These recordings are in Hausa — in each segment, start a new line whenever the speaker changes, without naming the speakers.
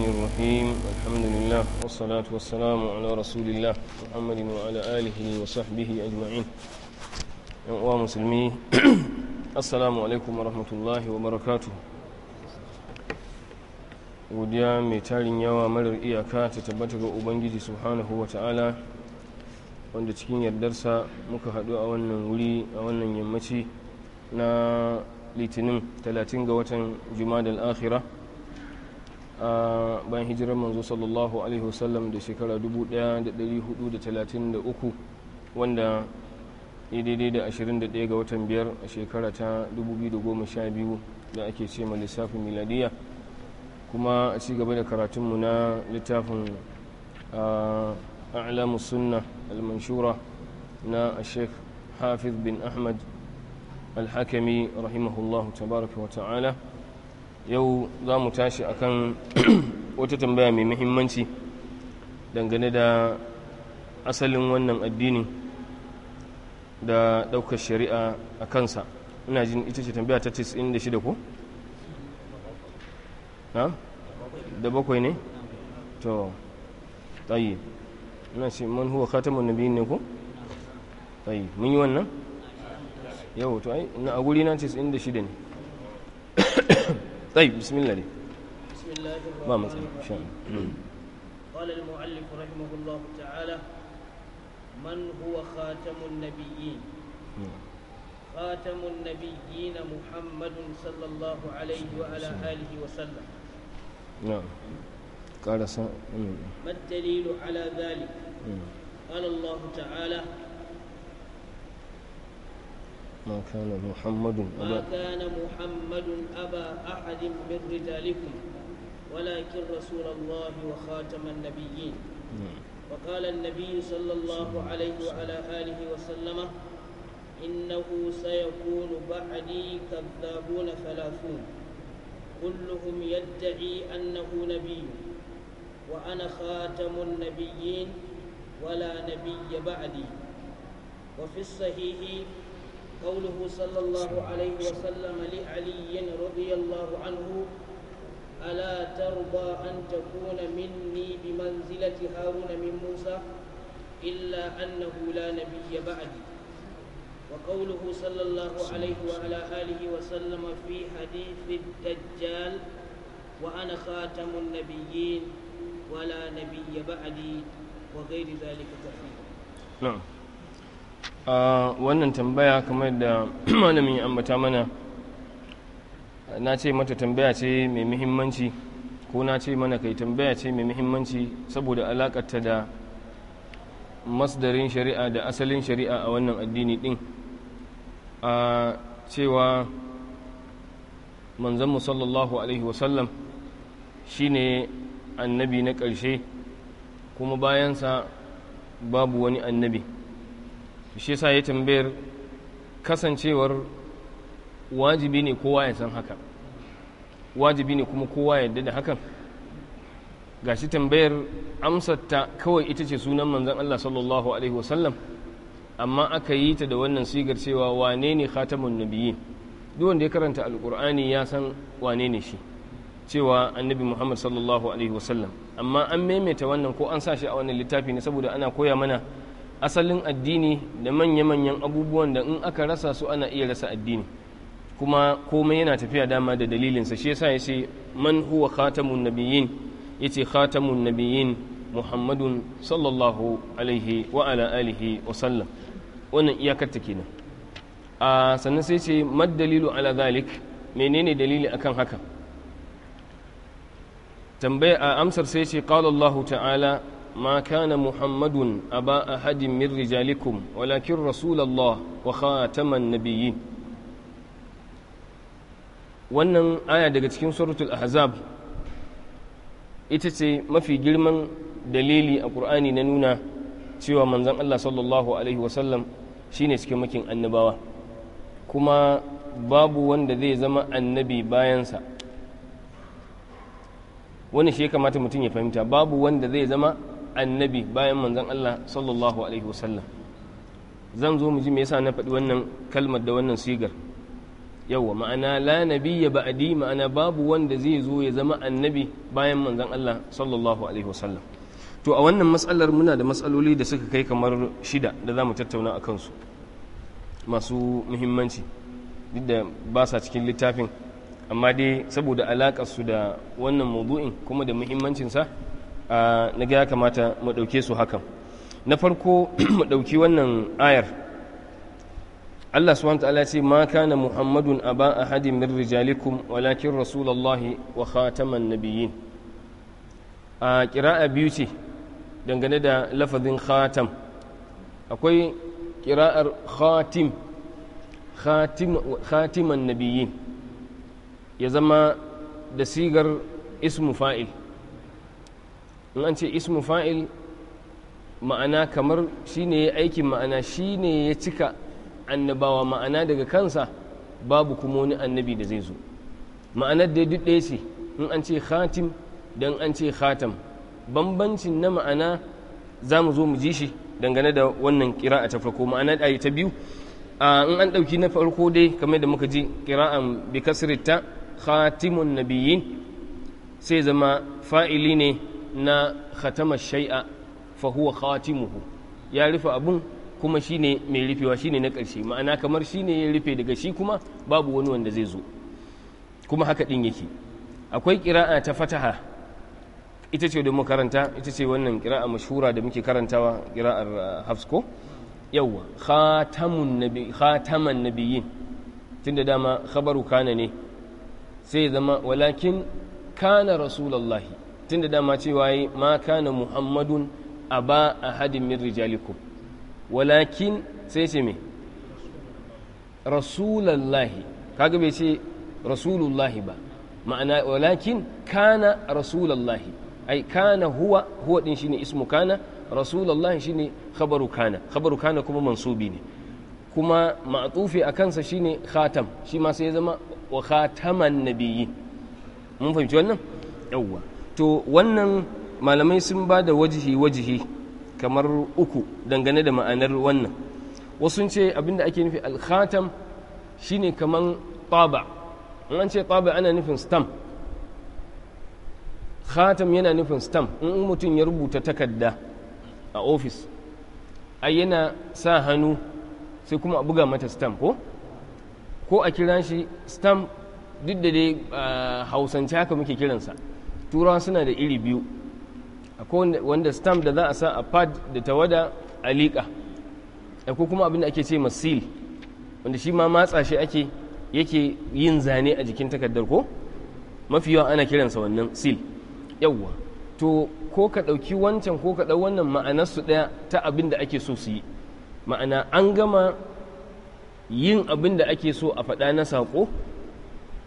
الرحمن الرحيم الحمد لله والصلاة والسلام على رسول الله محمد وعلى آله وصحبه أجمعين ومسلمي السلام عليكم ورحمة الله وبركاته godiya mai tarin yawa marar iyaka ta tabbata ga ubangiji subhanahu wa ta'ala wanda cikin yardarsa muka haɗu a wannan yammaci na litinin talatin ga watan juma'a da akhira bayan hijirar manzo sallallahu alaihi wasallam da shekara 1433 wanda daidai da 21 ga watan biyar a shekara ta 2012 da ake ce ma lissafin miladiya kuma a ci gaba da karatunmu na littafin a'lamu sunna al-manshura na sheikh hafiz bin ahmad al-hakami rahimahullahu tabaraka wa ta'ala yau za mu tashi akan wata tambaya mai muhimmanci dangane da asalin wannan addini da daukar shari'a a kansa ina jin ita ce tambaya ta 96 ko? na? da bakwai ne? to tsayi ina ce man huwa khatamun biyu ne ko? tsayi mun yi wannan? yau to ai na a guri na 96 ne طيب بسم الله لي.
بسم الله الرحمن الرحيم قال المؤلف رحمه الله تعالى من هو خاتم النبيين خاتم النبيين محمد صلى الله عليه وعلى آله وسلم
نعم قال
ما الدليل على ذلك قال الله تعالى
ما كان محمد أبا ما
كان محمد أبا أحد من رجالكم ولكن رسول الله وخاتم النبيين وقال النبي صلى الله عليه وعلى آله وسلم إنه سيكون بعدي كذابون ثلاثون كلهم يدعي أنه نبي وأنا خاتم النبيين ولا نبي بعدي وفي الصحيح قوله صلى الله عليه وسلم لعلي رضي الله عنه ألا ترضى أن تكون مني بمنزلة هارون من موسى إلا أنه لا نبي بعدي وقوله صلى الله عليه وعلى آله وسلم في حديث الدجال وأنا خاتم النبيين ولا نبي بعدي وغير ذلك كثير
نعم wannan tambaya kamar da malamin ya ambata mana na ce mata tambaya ce mai muhimmanci ko na ce mana kai tambaya ce mai muhimmanci saboda alakarta da masdarin shari'a da asalin shari'a a wannan addini din a cewa manzanmu sallallahu alaihi wasallam shine annabi na ƙarshe kuma bayansa babu wani annabi shi sa ya tambayar kasancewar wajibi ne kowa ya san haka wajibi ne kuma kowa ya yarda da hakan ga shi tambayar amsatta kawai ita ce sunan manzan Allah sallallahu alaihi wasallam amma aka yi ta da wannan sigar cewa wane ne khatamun nabiyyin duk wanda ya karanta alkur'ani ya san wane ne shi cewa annabi muhammad sallallahu alaihi wasallam amma an maimaita wannan ko an sa shi a wannan littafi ne saboda ana koya mana asalin addini da manya-manyan abubuwan da in aka rasa su ana iya rasa addini kuma komai yana tafiya dama da dalilinsa shi yasa yace man huwa khatamun nabiyyin yace khatamun nabiyyin muhammadun sallallahu alaihi wa ala alihi wa sallam wannan iyakar ta kenan a sannan sai ce mad dalilu ala zalik menene dalili akan haka tambaya a amsar sai ce qala Allah ta'ala ما كان محمد أبا أحد من رجالكم ولكن رسول الله وخاتم النبيين wannan aya daga cikin suratul ahzab ita ce mafi girman dalili a ƙur'ani na nuna cewa manzon Allah sallallahu alaihi wasallam shine cikin makin annabawa kuma babu wanda zai zama annabi bayansa wani shi ya kamata mutum ya fahimta babu wanda zai zama annabi bayan manzon Allah sallallahu alaihi wasallam zan zo mu ji me yasa na faɗi wannan kalmar da wannan sigar yawa ma'ana la nabiyya ba'di ma'ana babu wanda zai zo ya zama annabi bayan manzon Allah sallallahu alaihi wasallam to a wannan matsalar muna da matsaloli da suka kai kamar shida da za mu tattauna a kansu masu muhimmanci duk da ba sa cikin littafin amma dai saboda su da wannan maudu'in kuma da muhimmancinsa na ga ya kamata mu ɗauke su hakan na farko mu ɗauki wannan ayar Allah subhanahu ta'ala ce ma kana muhammadun aba hadin min rijalikum walakin rasulullahi wa khataman nabiyyin a kira'a biyu ce dangane da lafazin khatam akwai kira'ar khatim khatiman nabiyyin ya zama da sigar ismu fa'il in an ce ismu fa'il ma'ana kamar shi ne ya aikin ma'ana shi ne ya cika annabawa ma'ana daga kansa babu kuma wani annabi da zai zo ma'anar da duk ɗaya ce in an ce khatim don an ce khatam bambancin na ma'ana za mu zo mu ji shi dangane da wannan a ta farko ma'ana ɗaya ta biyu in an ɗauki na farko dai kamar da muka ji kira'an bi kasrita khatimun nabiyyin sai zama fa'ili ne na khatama shay'a fa huwa khatimuhu ya rufe abun kuma shine mai rufewa shine na ƙarshe ma'ana kamar shine ya rufe daga shi kuma babu wani wanda zai zo kuma haka din yake akwai ƙira'a ta fataha ita ce da makaranta ita ce wannan ƙira'a mashura da muke karantawa ƙira'ar uh, hafsko yawwa khatamun nabi khataman nabiyyin tunda dama khabaru kana ne sai zama walakin kana rasulullahi tunda dama cewa yi ma kana muhammadun a ba a hadin min rijalikum walakin sai ce me rasulallahi kaga bai ce rasulullahi ba ma'ana walakin kana rasulallahi ai kana huwa huwa din shine ismu kana rasulullahi shine khabaru kana khabaru kana kuma mansubi ne kuma ma'tufi a kansa shine khatam shi ma sai ya zama wa khataman nabiyyi mun fahimci wannan yawwa to wannan malamai sun ba da wajihi wajihi kamar uku dangane da ma'anar wannan wasu ce abinda ake nufi alkhatam shine kamar taba in an ce taba ana nufin stamp khatam yana nufin stamp in mutum ya rubuta takarda a ofis a yana sa hannu sai kuma a buga mata stamp ko ko a kira shi stamp duk da dai ah, hausance haka muke kiransa turawa suna da iri biyu akwai wanda stamp da za a sa a pad da tawada a liƙa akwai kuma abin da ake ce masil wanda shi ma matsa shi ake yake yin zane a jikin takardar ko mafi yawa ana kiransa wannan sil yawwa to ko ka ɗauki wancan ko ka ɗau wannan su ɗaya ta abin da ake so su yi ma'ana an gama yin abin da ake so a faɗa na sako.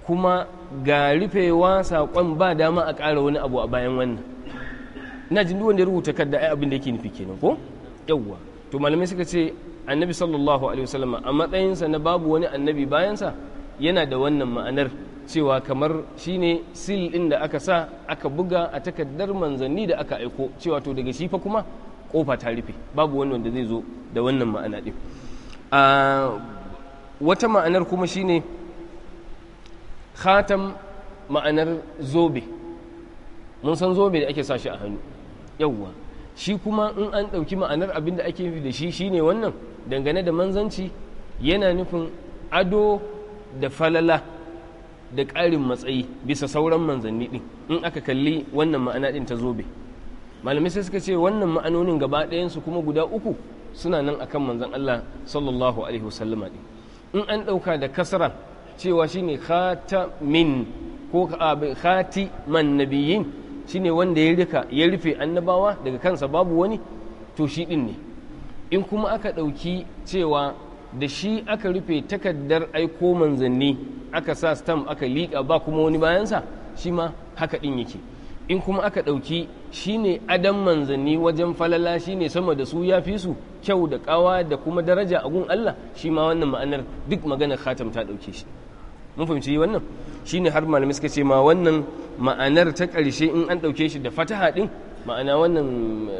kuma ga rufewa saƙon ba dama a ƙara wani abu a bayan wannan na jin duk ya rubuta kadda ai abin da yake nufi kenan ko yawwa to malamai suka ce annabi sallallahu alaihi wasallam a matsayinsa na babu wani annabi bayansa yana da wannan ma'anar cewa kamar shine sil din da aka sa aka buga a takaddar manzanni da aka aiko cewa to daga shi fa kuma kofa ta rufe babu wani wanda zai zo da wannan ma'ana din ah, wata ma'anar kuma shine khatam ma'anar zobe mun san zobe da ake sa shi a hannu yawwa shi kuma in an ɗauki ma'anar abin da ake da shi shine wannan dangane da manzanci yana nufin ado da falala da ƙarin matsayi bisa sauran manzanni ɗin in aka kalli wannan ma'ana ɗin ta zobe malamai sai suka ce wannan ma'anonin gaba ɗayansu kuma guda uku suna nan akan manzan Allah sallallahu alaihi wasallama ɗin in an ɗauka da kasara cewa shi ne khatamin ko khatiman shi shine wanda ya rika ya rufe annabawa daga kansa babu wani to shi din ne in kuma aka ɗauki cewa da shi aka rufe takardar aiko manzanni aka sa stam aka liƙa ba kuma wani bayansa shi ma haka ɗin yake in kuma aka ɗauki shi ne adam manzanni wajen falala shi ne sama da su ya fi su kyau da ƙawa da kuma daraja a gun Allah shi ma wannan ma'anar duk maganar khatam ta ɗauke shi mun fahimci wannan shine har malamai suka ce ma wannan ma'anar ta ƙarshe in an ɗauke shi da fataha ɗin ma'ana wannan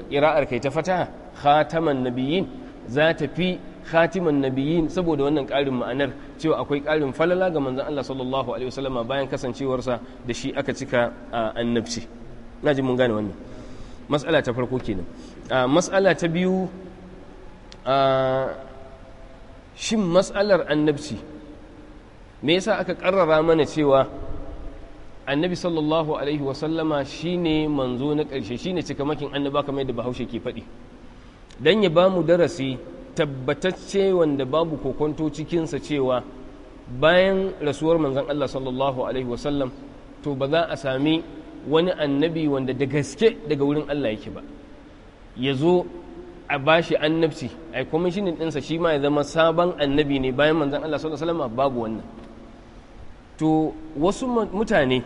ƙira'ar kai ta fataha khataman nabiyyin za ta fi khatiman nabiyyin saboda wannan ƙarin ma'anar cewa akwai ƙarin falala ga manzon Allah sallallahu alaihi wasallama bayan kasancewarsa da shi aka cika annabci na ji mun gane wannan mas'ala ta farko kenan mas'ala ta biyu shin mas'alar annabci me yasa aka karrara mana cewa annabi sallallahu alaihi wasallama ne manzo na ƙarshe shine cikamakin annaba kamar yadda bahaushe ke faɗi dan ya bamu darasi tabbatacce wanda babu kokonto cikinsa cewa bayan rasuwar manzon Allah sallallahu alaihi wasallam to ba za a sami wani annabi wanda da gaske daga wurin Allah yake ba ya zo a bashi annabci ai kwamishinin ɗinsa shi ma ya zama sabon annabi ne bayan manzon Allah sallallahu alaihi wasallam babu wannan to wasu mutane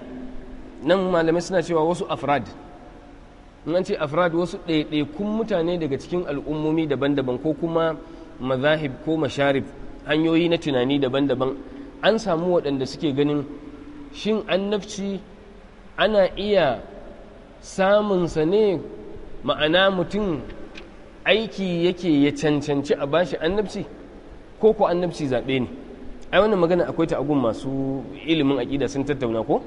nan malamai suna cewa wasu afrad an ce afrad wasu ɗaiɗaikun mutane daga cikin al'ummomi daban-daban ko kuma mazahib ko masharif hanyoyi na tunani daban-daban an samu waɗanda suke ganin shin annabci ana iya samunsa ne ma'ana mutum aiki yake ya cancanci a bashi annabci ko ko annabci zaɓe ne ai wannan magana akwai ta agun masu ilimin aƙida sun tattauna ko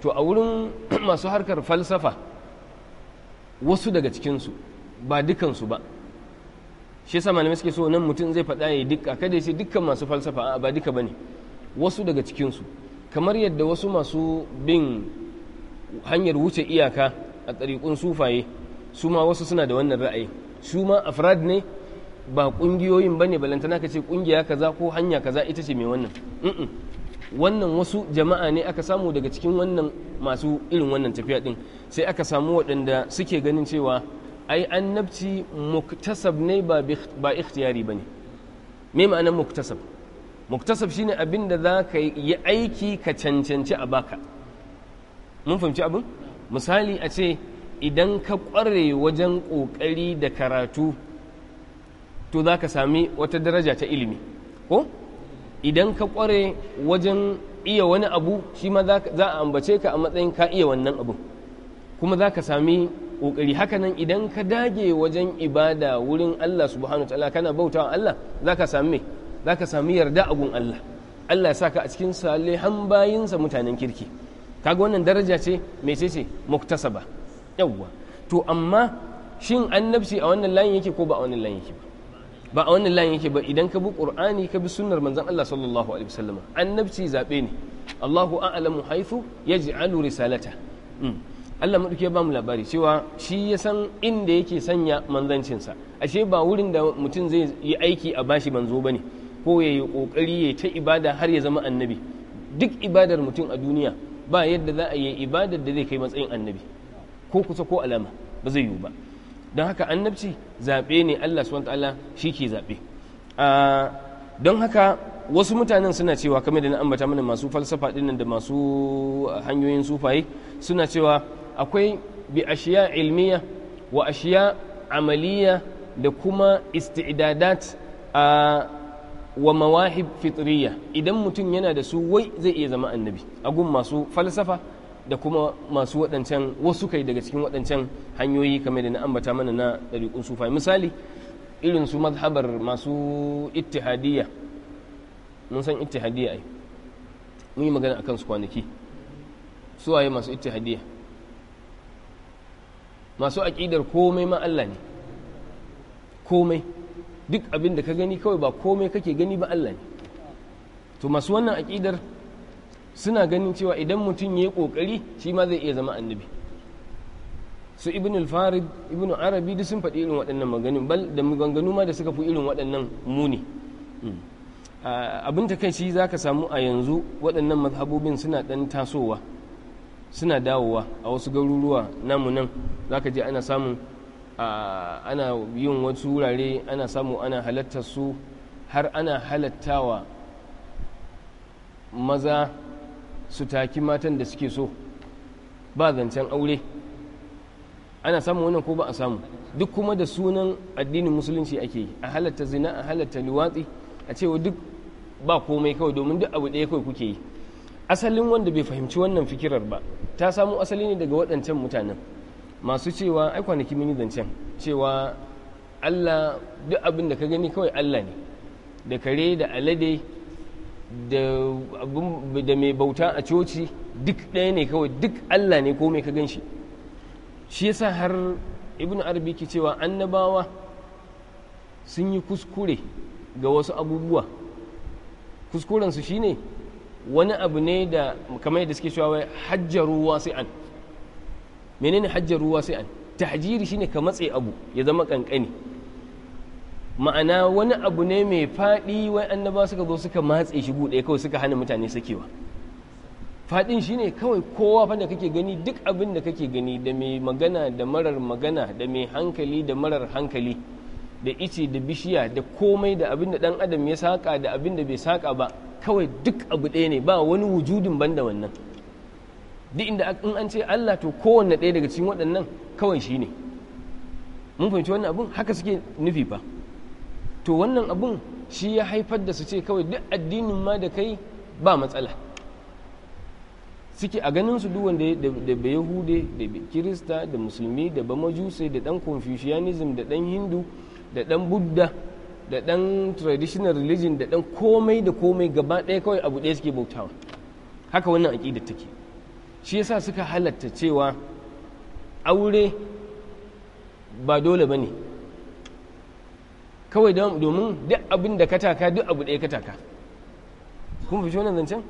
to a wurin masu harkar falsafa wasu daga cikinsu ba dukansu ba shi yasa malamai suke so nan mutum zai faɗa ya dukka kada ya ce dukkan masu falsafa ba duka bane wasu daga cikinsu kamar yadda wasu masu bin hanyar wuce iyaka a ɗariƙun sufaye su ma wasu suna da wannan ra'ayi su ma afrad ne ba kungiyoyin ne balantana ka ce kungiya kaza ko hanya kaza ita ce mai wannan wannan wasu jama'a ne aka samu daga cikin wannan masu irin wannan tafiya din sai aka samu waɗanda suke ganin cewa ai annabci muktasab ne ba ikhtiyari ne. me ma'anar muktasab muktasab shine abin da za ka yi aiki ka cancanci a baka mun fahimci abin misali a ce idan ka kware wajen ƙoƙari da karatu to za ka sami wata daraja ta ilimi ko idan ka kware wajen iya wani abu shi ma za a ambace ka a matsayin ka iya wannan abu kuma za ka sami ƙoƙari hakanan idan ka dage wajen ibada wurin Allah subhanahu wa ta'ala kana bauta wa Allah za ka sami me za ka sami yarda a gun Allah Allah ya saka a cikin salihan bayinsa mutanen kirki kaga wannan daraja ce ce muktasaba yawwa to amma shin annabci a wannan layin yake ko ba a wannan layin yake ba ba a wannan layin yake ba idan ka bi qur'ani ka bi sunnar manzon Allah sallallahu alaihi wasallam annabci zabe ne Allahu a'lamu haythu yaj'alu risalata hmm. Allah mu duke ba mu labari cewa shi ya san inda yake sanya manzancinsa ashe ba wurin da mutum zai yi aiki a bashi manzo bane ko ya yi kokari ya ta ibada har ya zama annabi duk ibadar mutum a duniya ba yadda za a yi ibadar da zai kai matsayin annabi ko kusa ko alama ba zai yiwu ba don haka annabci zaɓe ne Allah subhanahu ta'ala shi ke zaɓe don haka wasu mutanen suna cewa kamar da na ambata mana masu falsafa ɗin da masu hanyoyin sufaye suna cewa akwai bi ashiya ilmiya wa ashiya amaliya da kuma isti'idadat a wa mawahib fitriya idan mutum yana da su wai zai iya zama annabi a gun masu falsafa da kuma masu waɗancan wasu kai daga cikin waɗancan hanyoyi kamar da na ambata mana na ɗariƙun sufa misali irin su mazhabar masu ittihadiyya mun san ittihadiyya ai mun yi magana akan su kwanaki su waye masu ittihadiyya masu aƙidar komai ma Allah ne komai duk abin da ka gani kawai ba komai kake gani ba Allah ne to masu wannan aƙidar suna ganin cewa idan mutum ya yi ƙoƙari shi ma zai iya zama annabi su ibn al-farid ibn arabi duk sun faɗi irin waɗannan maganin bal da maganganu ma da suka fi irin waɗannan muni hmm. abin shi za ka samu a yanzu waɗannan mazhabobin suna ɗan tasowa suna dawowa a wasu garuruwa namu nan za ka je ana samun ana yin wasu wurare ana samu ana halatta su har ana halattawa maza su taki matan da suke so ba zancen aure ana samu wannan ko ba a samu duk kuma da sunan addinin musulunci ake yi a halatta zina a halatta liwatsi a cewa duk ba komai kawai domin duk abu ɗaya kawai kuke yi asalin wanda bai fahimci wannan fikirar ba ta samu asali ne daga waɗancan mutanen masu cewa ai kwanaki mini yi zancen cewa allah duk abin da ka gani kawai allah ne da kare da alade da mai bauta a coci duk ɗaya ne kawai duk Allah ne ko mai ka gan shi shi yasa har ibn arabi ke cewa annabawa sun yi kuskure ga wasu abubuwa kuskurensu shi ne wani abu ne da kamar yadda suke cewa sai wasi'an menene hajjaru wasi'an shi ne ka matse abu ya zama kankani ma'ana wani abu ne mai faɗi wai annaba suka zo suka matse shi buɗe kawai suka hana mutane sakewa faɗin shi ne kawai kowa fa da kake gani duk abin da kake gani da mai magana da marar magana da mai hankali da marar hankali da ice da bishiya da komai da abin da ɗan adam ya saƙa da abin da bai saƙa ba kawai duk abu ɗaya ne ba wani wujudin banda wannan duk inda in an ce Allah to kowanne ɗaya daga cikin waɗannan kawai shi ne mun fahimci wannan abin haka suke nufi fa to wannan abun shi ya haifar da su ce kawai duk addinin ma da kai ba matsala suke a ganin su duwan da ba yahude da kirista da musulmi da ba majuse da dan confucianism da dan hindu da dan buddha da dan traditional religion da dan komai da komai gaba ɗaya kawai abu ɗaya suke bautawa haka wannan aƙidar take shi yasa suka halatta cewa aure ba dole ba ne kawai domin duk abin da ka taka duk abu ɗaya ka taka kun fi wannan zancen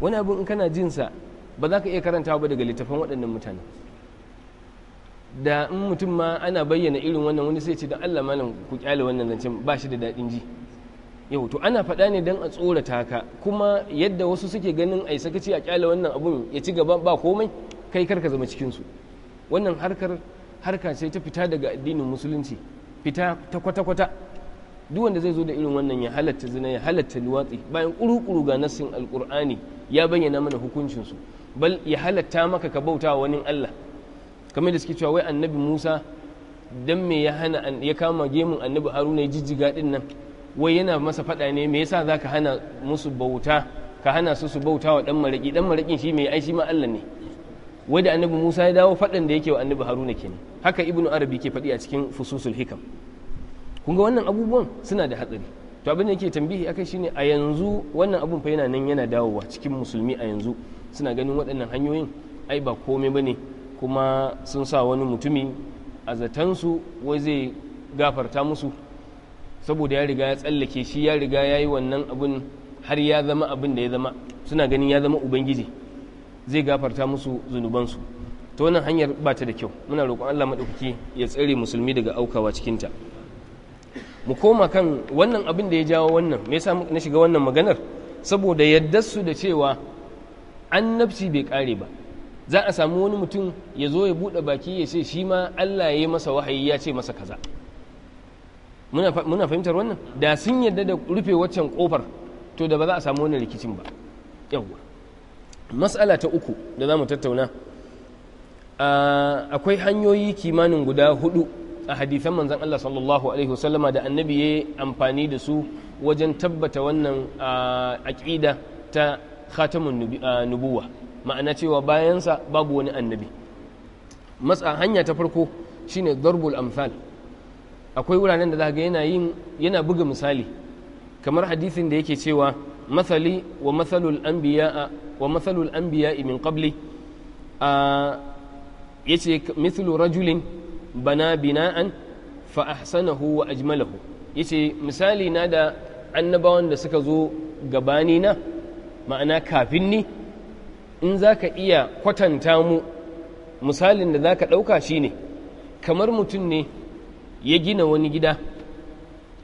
wani abin in kana jinsa ba za ka iya karanta ba daga littafan waɗannan mutane da in mutum ma ana bayyana irin wannan wani sai ce don allah malam ku kyale wannan zancen ba shi da daɗin ji yau to ana faɗa ne don a tsorata ka kuma yadda wasu suke ganin a yi sakaci a kyale wannan abun ya ci gaba ba komai kai kar ka zama cikinsu wannan harkar harka sai ta fita daga addinin musulunci fita ta kwata-kwata duk wanda zai zo da irin wannan ya halatta zina ya halatta luwatsi bayan kuru-kuru ga nassin alkur'ani ya bayyana mana hukuncin su bal ya halatta maka ka bauta wa wani Allah kamar da suke cewa wai annabi Musa dan me ya hana ya kama gemun annabi Haruna ya jijjiga din nan wai yana masa fada ne me yasa zaka hana musu bauta ka hana su su bauta wa dan maraki dan marakin shi mai ai shi ma Allah ne wai da annabi Musa ya dawo fadan da yake wa annabi Haruna kenan haka ibnu Arabi ke faɗi a cikin fususul hikam kun ga wannan abubuwan suna da hatsari to abin da yake tambihi akai shine a yanzu wannan abun fa yana nan yana dawowa cikin musulmi a yanzu suna ganin waɗannan hanyoyin ai ba komai bane kuma sun sa wani mutumi a zaton wai zai gafarta musu saboda ya riga ya tsallake shi ya riga ya yi wannan abun har ya zama abin da ya zama suna ganin ya zama ubangiji zai gafarta musu zunubansu to wannan hanyar ba ta da kyau muna roƙon allah maɗaukaki ya tsare musulmi daga aukawa cikinta mu koma kan wannan abin da ya jawo wannan me yasa na shiga wannan maganar saboda yadda su da cewa annabci bai kare ba za a samu wani mutum ya zo ya bude baki ya ce shi ma Allah ya yi masa wahayi ya ce masa kaza muna fahimtar wannan da sun yadda da rufe waccan kofar to da ba za a samu wani rikicin ba yawwa matsala ta uku da za mu tattauna ah, akwai hanyoyi kimanin guda hudu a hadisan manzan Allah sallallahu alaihi wasallama da annabi ya amfani da su wajen tabbata wannan aƙida ta khatamun nubuwa ma'ana cewa bayansa babu wani annabi matsa hanya ta farko shine darbul amsal akwai wuraren da za ga yana yin yana buga misali kamar hadisin da yake cewa masali wa masalul anbiya wa masalul anbiya min qabli yace mithlu rajulin bana bina'an fa ahsanahu wa ajmalahu yace misali na da annabawan da suka zo gabani na ma'ana kafin ni in zaka iya kwatanta mu misalin da zaka dauka shine kamar mutum ne ya gina wani gida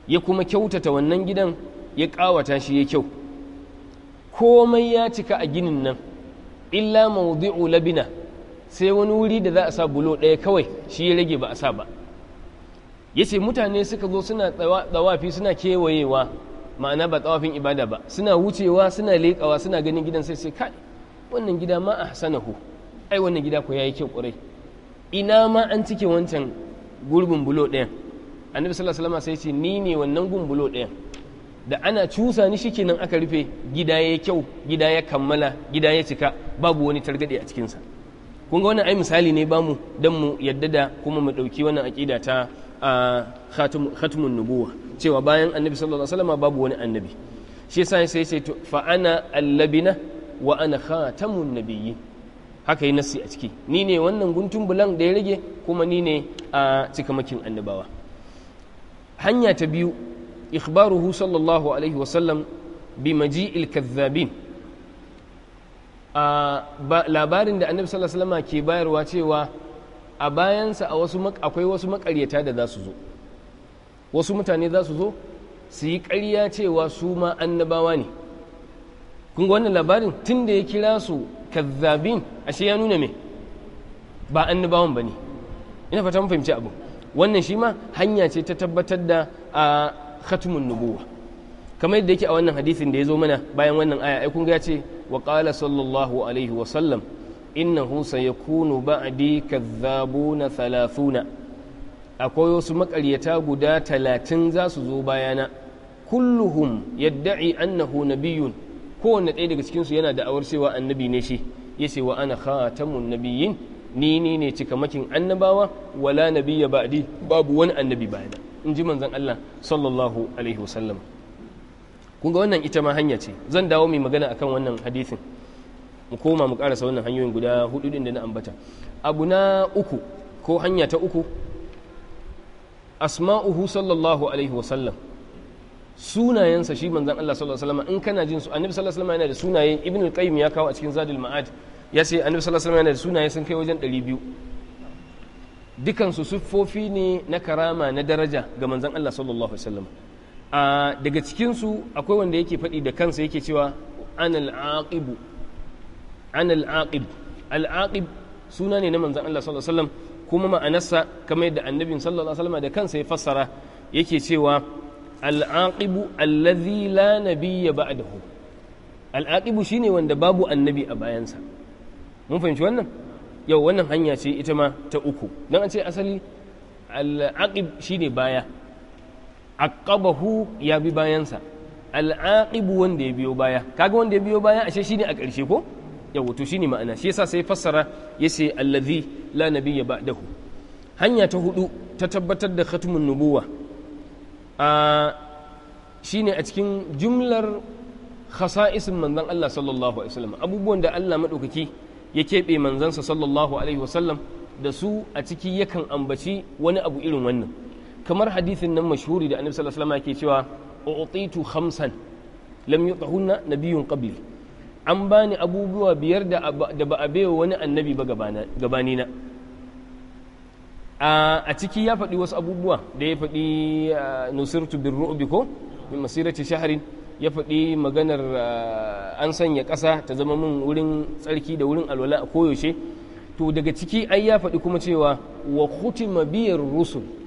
ya kuma kyautata wannan gidan ya ƙawata shi ya kyau komai ya cika a ginin nan illa mawdi'u labina sai wani wuri da za a sa bulo ɗaya kawai shi ya rage ba a sa ba ya ce mutane suka zo suna tsawafi suna kewayewa ma'ana ba tsawafin ibada ba suna wucewa suna leƙawa suna ganin gidan sai sai kai wannan gida ma a hasanahu ai wannan gida ya yayi kyau ƙwarai ina ma an cike wancan gurbin bulo ɗayan annabi sallallahu alaihi wasallam sai ce ni ne wannan bulo ɗayan da ana cusa ni shikenan aka rufe gida ya kyau gida ya kammala gida ya cika babu wani targade a cikinsa kun ga wannan ai misali ne bamu dan mu yadda da kuma mu ɗauki wannan aqida ta khatmun nubuwa cewa bayan annabi sallallahu alaihi wasallam babu wani annabi shi yasa sai sai fa ana allabina wa ana khatamun nabiyyi haka yi nasi a ciki ni ne wannan guntun bulan da ya rage kuma ni ne a cikamakin annabawa hanya ta biyu ikhbaruhu sallallahu alaihi wasallam bi maji'il kadhabin labarin da annabi sallallahu alaihi wasallam ke bayarwa cewa a bayansa a wasu akwai wasu makaryata da za su zo wasu mutane za su zo su yi ƙarya cewa su ma annabawa ne kun wannan labarin tun da ya kira su kazzabin ashe ya nuna me ba annabawan ba ne ina fata mun fahimci abu wannan shi ma hanya ce ta tabbatar da a khatmun nubuwa kamar yadda yake a wannan hadisin da ya zo mana bayan wannan aya ai kun ga ya ce وقال صلى الله عليه وسلم إنه سيكون بعدي كذابون ثلاثون أقول سمك اليتاب دا تلاتين زاس زوبايانا كلهم يدعي أنه نبي كون نتعيد كسكينسو ينا دا أورسي النبي نشي يسي وأنا خاتم النبيين ni ni ne cikamakin annabawa wala nabiyya ba'di babu wani annabi bayana in ji manzon Allah sallallahu alaihi wasallam kun ga wannan ita ma hanya ce zan dawo mai magana akan wannan hadisin mu koma mu karasa wannan hanyoyin guda hudu din da na ambata abu na uku ko hanya ta uku asma'uhu sallallahu alaihi wasallam sunayensa shi manzan Allah sallallahu alaihi wasallam in kana jin su annabi sallallahu alaihi wasallam yana da sunaye ibn al-qayyim ya kawo a cikin zadul ma'ad ya ce annabi sallallahu alaihi wasallam yana da sunaye sun kai wajen 200 dukansu siffofi ne na karama na daraja ga manzan Allah sallallahu alaihi wasallam daga cikinsu akwai wanda yake faɗi da kansa yake cewa an al'aqibu an al'aqib suna ne na manzan Allah sallallahu alaihi wasallam kuma ma'anarsa kamar yadda annabin sallallahu alaihi wasallam da kansa ya fassara yake cewa al'aqibu allazi la nabiyya ba'dahu al'aqibu shine wanda babu annabi a bayansa mun fahimci wannan yau wannan hanya ce ita ma ta uku dan an ce asali al'aqib shine baya aqabahu ya bi bayansa al'aqibu wanda ya biyo baya kaga wanda ya biyo baya ashe shine a ƙarshe ko yawa to shine ma'ana shi yasa sai fassara yace allazi la nabiyya ba'dahu hanya ta hudu ta tabbatar da khatmun nubuwa a shine a cikin jumlar khasa'isin manzon Allah sallallahu alaihi wasallam abubuwan da Allah madaukaki ya keɓe manzansa sallallahu alaihi wasallam da su a ciki yakan ambaci wani abu irin wannan kamar hadithin nan mashhuri da annabi sallallahu alaihi wasallam yake cewa utitu khamsan lam yutahunna nabiyyun qabli an bani abubuwa biyar da ba a baiwa wani annabi ba gabani na a ciki ya faɗi wasu abubuwa da ya faɗi nusirtu bin ru'bi ko min masirati shaharin ya faɗi maganar an sanya ƙasa ta zama min wurin tsarki da wurin alwala a koyaushe to daga ciki ai ya faɗi kuma cewa wa khutima biyar rusul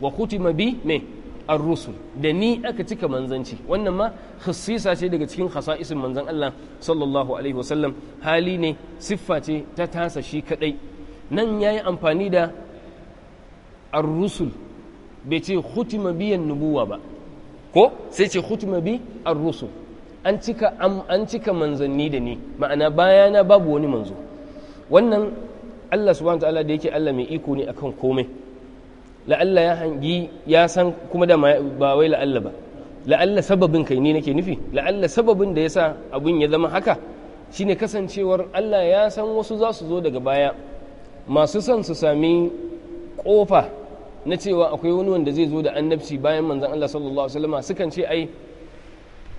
wa kutima bi me ar-rusul da ni aka cika manzanci wannan ma khassisa ce daga cikin khasa'isin manzan Allah sallallahu alaihi wasallam hali ne siffa ce ta tasa shi kadai nan yayi amfani da ar-rusul bai ce hutima biyan nubuwa ba ko sai ce hutima bi ar-rusul an cika an cika manzanni da ni ma'ana bayana babu wani manzo wannan Allah subhanahu wa ta'ala da yake Allah mai iko ne akan komai la'alla ya hangi ya san kuma da ba wai la'alla ba la'alla sababin kai ne nake nufi la'alla sababin da yasa abun ya zama haka shine kasancewar Allah ya san wasu za su zo daga baya masu son su sami kofa na cewa akwai wani wanda zai zo da annabci bayan manzon Allah sallallahu alaihi wasallam sukan ce ai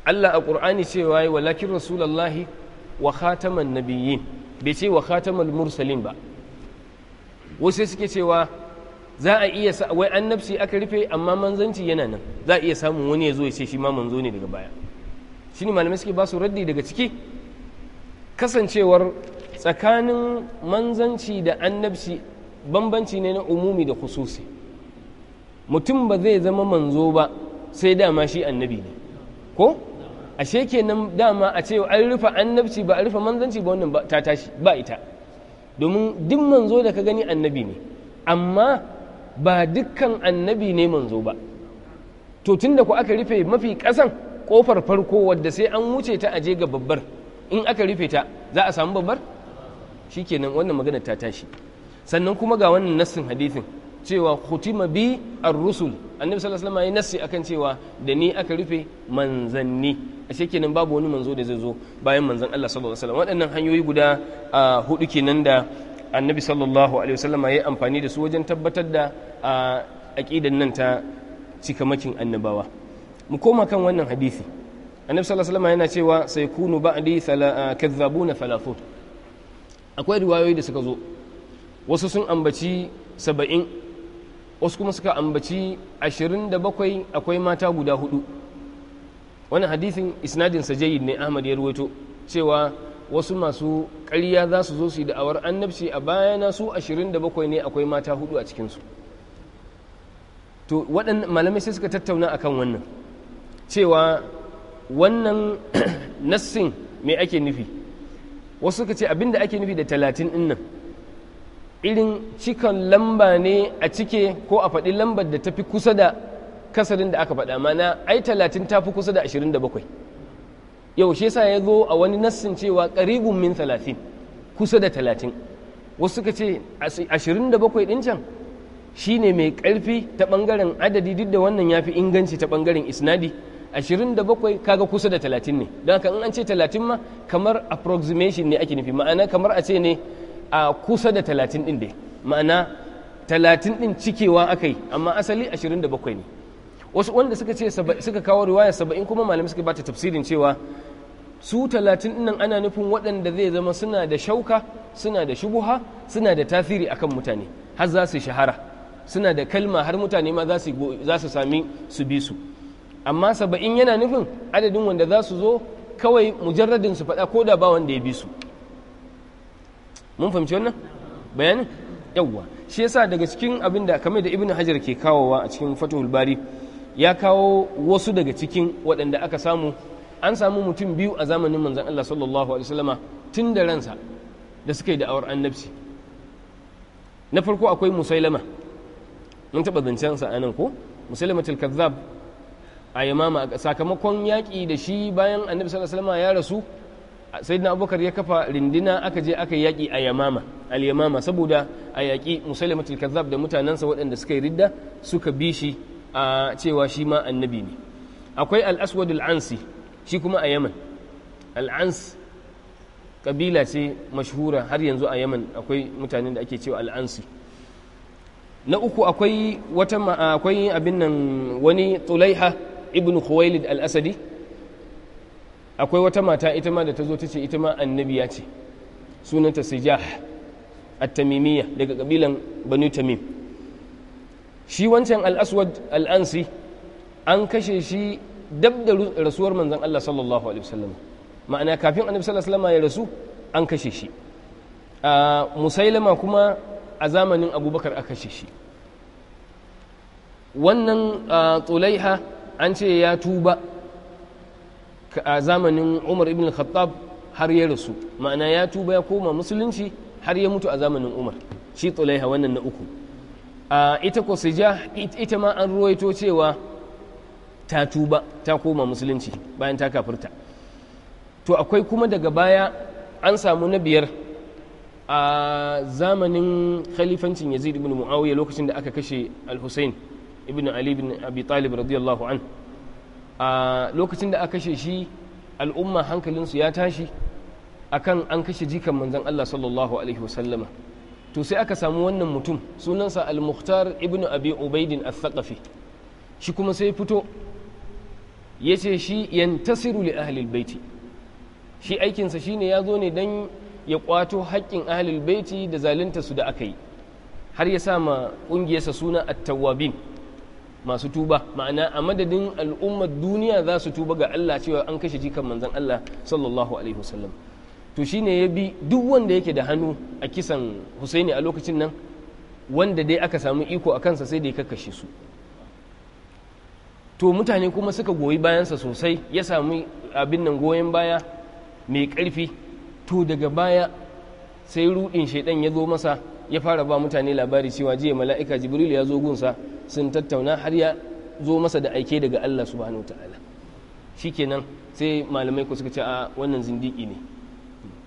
Allah a Qur'ani cewa yi walakin rasulullahi wa khataman nabiyyin bai ce wa khataman mursalin ba wasu suke cewa za a iya wai annabci aka rufe amma manzanci yana nan za a iya samun wani ya zo ya ce shi ma manzo ne daga baya shi ne malamai suke ba su raddi daga ciki kasancewar tsakanin manzanci da annabci bambanci ne na umumi da khususi mutum ba zai zama manzo ba sai dama shi annabi ne ko ashe kenan dama a ce an rufe annabci ba a rufe manzanci ba wannan ba ta tashi ba ita domin duk manzo da ka gani annabi ne amma ba dukkan annabi ne manzo ba to tunda ku aka rufe mafi ƙasan ƙofar farko wadda sai an wuce ta aje ga babbar in aka rufe ta za a samu babbar shikenan wannan magana ta tashi sannan kuma ga wannan nassin hadithin cewa khutima bi ar-rusul annabi sallallahu alaihi wasallam ya nassi akan cewa da ni aka rufe manzanni A kenan babu wani manzo da zai zo bayan manzon Allah sallallahu alaihi wasallam waɗannan hanyoyi guda ah, hudu kenan da annabi sallallahu alaihi wasallam ya yi amfani da su wajen tabbatar da aqidan nan ta cika makin annabawa mu koma kan wannan hadisi annabi sallallahu alaihi wasallam yana cewa sai kunu ba'di na thalathun akwai riwayoyi da suka zo wasu sun ambaci saba'in wasu kuma suka ambaci ashirin da bakwai akwai mata guda hudu wannan hadisin isnadin sa jayyid ne ahmad ya ruwato cewa wasu masu ƙarya za su zo su yi da'awar annabci a bayana su 27 ne akwai mata hudu a cikinsu to waɗanda malamai sai suka tattauna akan wannan cewa wannan nassin mai ake nufi wasu suka ce abinda ake nufi da talatin innan irin cikan lamba ne a cike ko a faɗi lambar da ta fi kusa da kasarin da aka faɗa mana ai talatin ta fi kusa da ashirin da bakwai yau shi sa ya zo a wani nassin cewa qaribun min talatin kusa da talatin wasu suka ce ashirin da bakwai din can shine mai karfi ta bangaren adadi duk da wannan ya fi inganci ta bangaren isnadi ashirin da bakwai kaga kusa da talatin ne don haka in an ce talatin ma kamar approximation ne ake nufi ma'ana kamar a ce ne a kusa da talatin din dai ma'ana talatin din cikewa aka yi amma asali ashirin da bakwai ne wasu wanda suka ce suka kawo riwaya saba'in kuma malamai suka bata tafsirin cewa su talatin nan ana nufin waɗanda zai zama suna da shauka suna da shubuha suna da tasiri akan mutane har za su shahara suna da kalma har mutane ma za su sami su bi su amma saba'in yana nufin adadin wanda za su zo kawai mujarradin su faɗa ko da ba wanda ya bi su mun fahimci wannan bayanin yawwa shi yasa daga cikin abin da kamar da ibnu hajar ke kawowa a cikin fatihul bari ya kawo wasu daga cikin waɗanda aka samu an samu mutum biyu a zamanin manzan Allah sallallahu alaihi wasallama tun da ransa da suka yi da'awar annabci na farko akwai musailama mun taɓa zancen sa anan ko musailama tilkazzab a yamama sakamakon yaƙi da shi bayan annabi sallallahu alaihi wasallama ya rasu na abubakar ya kafa rindina aka je aka yaƙi a yamama al yamama saboda a yaƙi musailama tilkazzab da mutanensa waɗanda suka yi ridda suka bi shi a cewa shi ma annabi ne akwai al aswad al ansi shi kuma a yaman al'ans kabila ce mashhura har yanzu a yaman akwai mutanen da ake cewa al'ansu na uku akwai wata akwai abin nan wani tsulaiha ibn khuwailid al akwai wata mata ita ma da ta zo ta ce ita ma annabiya ce sunanta sijah at-tamimiyya daga ƙabilan banu tamim shi wancan alaswad al'ansi an kashe shi dab da rasuwar manzon Allah sallallahu alaihi wasallam ma'ana kafin annabi sallallahu alaihi wasallam ya rasu an kashe shi musailama kuma a zamanin abubakar aka kashe shi wannan tsulaiha an ce ya tuba a zamanin umar ibn khattab har ya rasu ma'ana ya tuba ya koma musulunci har ya mutu a zamanin umar shi tsulaiha wannan na uku ita ko ita ma an ruwaito cewa ta tuba ta koma musulunci bayan ta kafirta to akwai kuma daga baya an samu na biyar a zamanin khalifancin yazid ibn muawiya lokacin da aka kashe al-husayn ibn ali ibn abi talib radiyallahu an a lokacin da aka kashe shi al'umma hankalinsu ya tashi akan an kashe jikan manzon Allah sallallahu alaihi wasallama to sai aka samu wannan mutum sunansa al-mukhtar ibn abi ubaidin al-thaqafi shi kuma sai fito ya ce shi yantasiru li ahlil baiti shi aikinsa shine ya zo ne don ya kwato haƙƙin ahlil baiti da zalunta su da aka yi har ya sama ƙungiyarsa suna attawabin masu tuba ma'ana a madadin al'ummar duniya za su tuba ga Allah cewa an kashe jikan manzon Allah sallallahu alaihi wasallam to shine ya bi duk wanda yake da hannu a kisan Husaini a lokacin nan wanda dai aka samu iko a kansa sai da ya kakkashe su to mutane kuma suka goyi bayansa sosai ya sami abin nan goyon baya mai ƙarfi to daga baya sai ruɗin shaidan ya zo masa ya fara ba mutane labari cewa jiya mala'ika jibril ya zo gunsa sun tattauna har ya zo masa da aike daga allah subhanahu ta'ala shi kenan sai malamai ku suka ce a wannan zindiki ne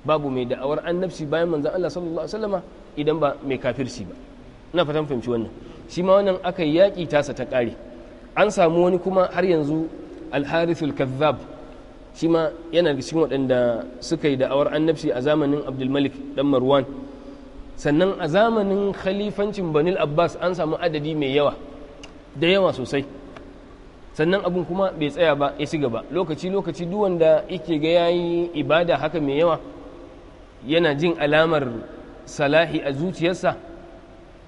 babu mai da'awar annabci bayan manzan allah sallallahu alaihi wasallama idan ba mai kafirci ba na fatan fahimci wannan shi ma wannan aka yi yaƙi tasa ta ƙare an samu wani kuma har yanzu alharithul kazzab shi ma yana cikin waɗanda suka yi da'awar annabci a zamanin abdulmalik dan marwan sannan a zamanin khalifancin banil abbas an samu adadi mai yawa da yawa sosai sannan abun kuma bai tsaya ba ya ci gaba lokaci lokaci duk wanda yake ga yayi ibada haka mai yawa yana jin alamar salahi a zuciyarsa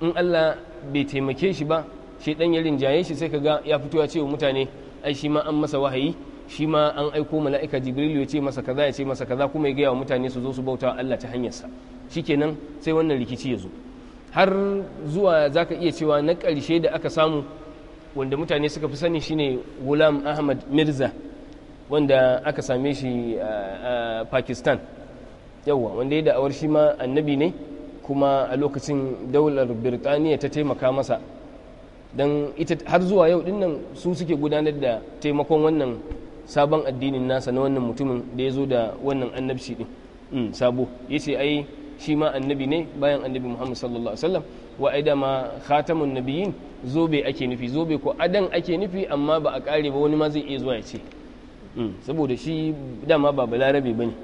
in allah bai taimake shi ba dan ya rinjaye shi sai kaga ya fito ya ce wa mutane ai shi ma an masa wahayi shi ma an aiko mala'ika jibrilu ya ce masa kaza ya ce masa kaza kuma ya gaya wa mutane su zo su bauta Allah ta hanyarsa shikenan sai wannan rikici ya zo har zuwa zaka iya cewa na ƙarshe da aka samu wanda mutane suka fi sani shine Gulam Ahmad Mirza wanda aka same shi a Pakistan yawwa wanda ya da'awar shi ma annabi ne kuma a lokacin daular Birtaniya ta taimaka masa don ita har zuwa yau din nan su suke gudanar da taimakon wannan sabon addinin nasa na wannan mutumin da ya zo da wannan annabci din mm, sabo ya ce ai shi ma annabi ne bayan annabi muhammad sallallahu alaihi wasallam wa ai da ma khatamun nabiyin zobe ake nufi zobe ko adan ake nufi amma ba a kare ba wani ma zai iya zuwa ya ce mm, saboda shi dama ba balarabe ba ne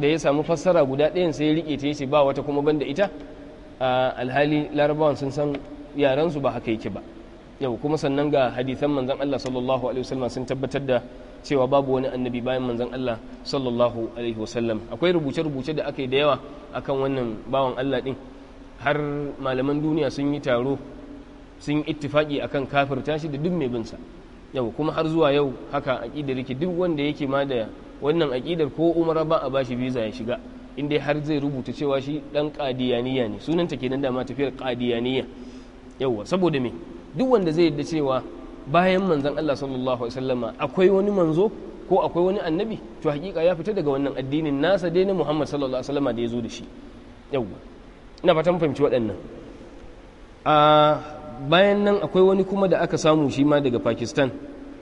da ya samu fassara guda ɗayan sai ya riƙe ta ya ce ba wata kuma banda ita ah, alhali larabawan sun san yaran su ba haka yake ba yau kuma sannan ga hadisan manzon Allah sallallahu alaihi wasallam sun tabbatar da cewa babu wani annabi bayan manzon Allah sallallahu alaihi wasallam akwai rubuce-rubuce da aka yi da yawa akan wannan bawan Allah din har malaman duniya sun yi taro sun yi ittifaki akan kafirta shi da duk mai binsa yau kuma har zuwa yau haka aƙidar yake duk wanda yake ma da wannan aƙidar ko umara ba a bashi biza ya shiga in dai har zai rubuta cewa shi dan qadiyaniya ne sunanta kenan da ma tafiyar qadiyaniya yawwa saboda me duk wanda zai yadda cewa bayan manzon Allah sallallahu alaihi wasallama akwai wani manzo ko akwai wani annabi to hakika ya fita daga wannan addinin nasa dai na Muhammad sallallahu alaihi wasallama da ya zo da shi yawwa ina fatan fahimci waɗannan a bayan nan akwai wani kuma da aka samu shi ma daga Pakistan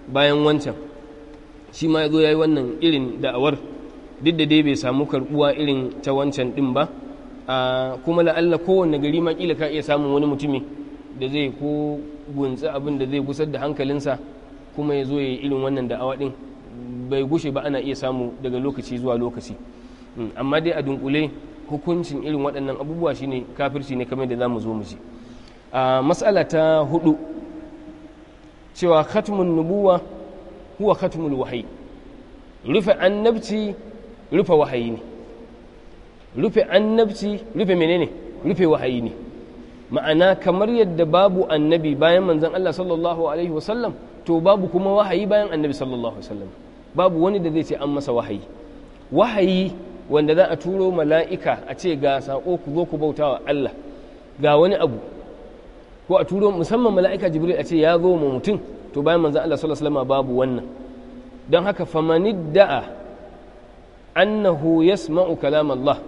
bayan wancan shi ma ya zo wannan irin da'awar duk da dai bai samu karbuwa irin ta wancan din ba kuma la'alla kowanne gari ma kila ka iya samun wani mutumi da zai ko gunsa abin da zai gusar da hankalinsa kuma ya zo ya yi irin wannan da'awa din bai gushe ba ana iya samu daga lokaci zuwa lokaci mm, amma dai a dunkule hukuncin irin waɗannan abubuwa shine kafirci ne kamar da za mu zo mu ji a matsala ta hudu cewa khatmun nubuwa huwa khatmul wahayi rufe annabci rufe wahayi ne rufe annabci rufe menene rufe wahayi ne ma'ana kamar yadda babu annabi bayan manzon Allah sallallahu alaihi wasallam to babu kuma wahayi bayan annabi sallallahu alaihi wasallam babu wani da zai ce an masa wahayi wahayi wanda za a turo mala'ika a ce ga sako ku zo ku bauta wa Allah ga wani abu ko a turo musamman mala'ika jibril a ce ya zo ma mutum to bayan manzon Allah sallallahu alaihi wasallam babu wannan don haka famanid da'a annahu yasma'u kalam Allah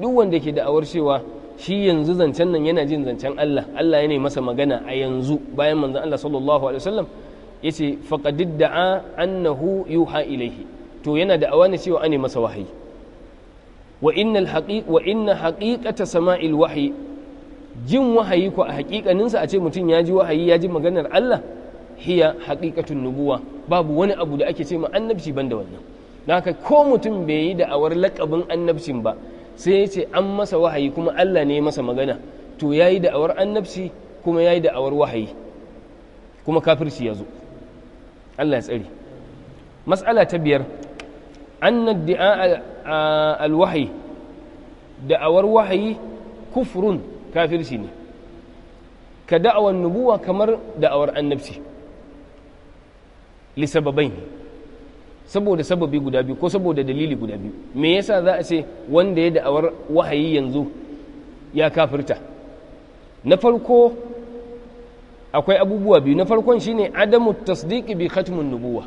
duk wanda ke da'awar cewa shi yanzu zancen nan yana jin zancen Allah Allah ya ne masa magana a yanzu bayan manzon Allah sallallahu alaihi wasallam yace faqad da'a annahu yuha ilaihi to yana da awani cewa ane masa wahayi wa innal haqiq wa inna haqiqata sama'il wahyi jin wahayi ko a hakikanin sa a ce mutum ya ji wahayi ya ji maganar Allah hiya haqiqatun nubuwa babu wani abu da ake ce ma annabci banda wannan haka ko mutum bai yi da awar lakabin annabcin ba sai ya ce an masa wahayi kuma Allah ne masa magana to ya yi da'awar annabci kuma ya yi da'awar wahayi kuma kafirci ya zo Allah ya tsari matsala ta biyar annan di'a alwahayi da'awar wahayi kufrun kafirci ne ka da'awar nubuwa kamar da'awar annabci lisababai ne saboda sababi guda biyu ko saboda dalili guda biyu me yasa za a ce wanda ya da'awar wahayi yanzu ya kafirta na farko akwai abubuwa biyu na farkon shine adamu tasdiqi bi khatmun nubuwa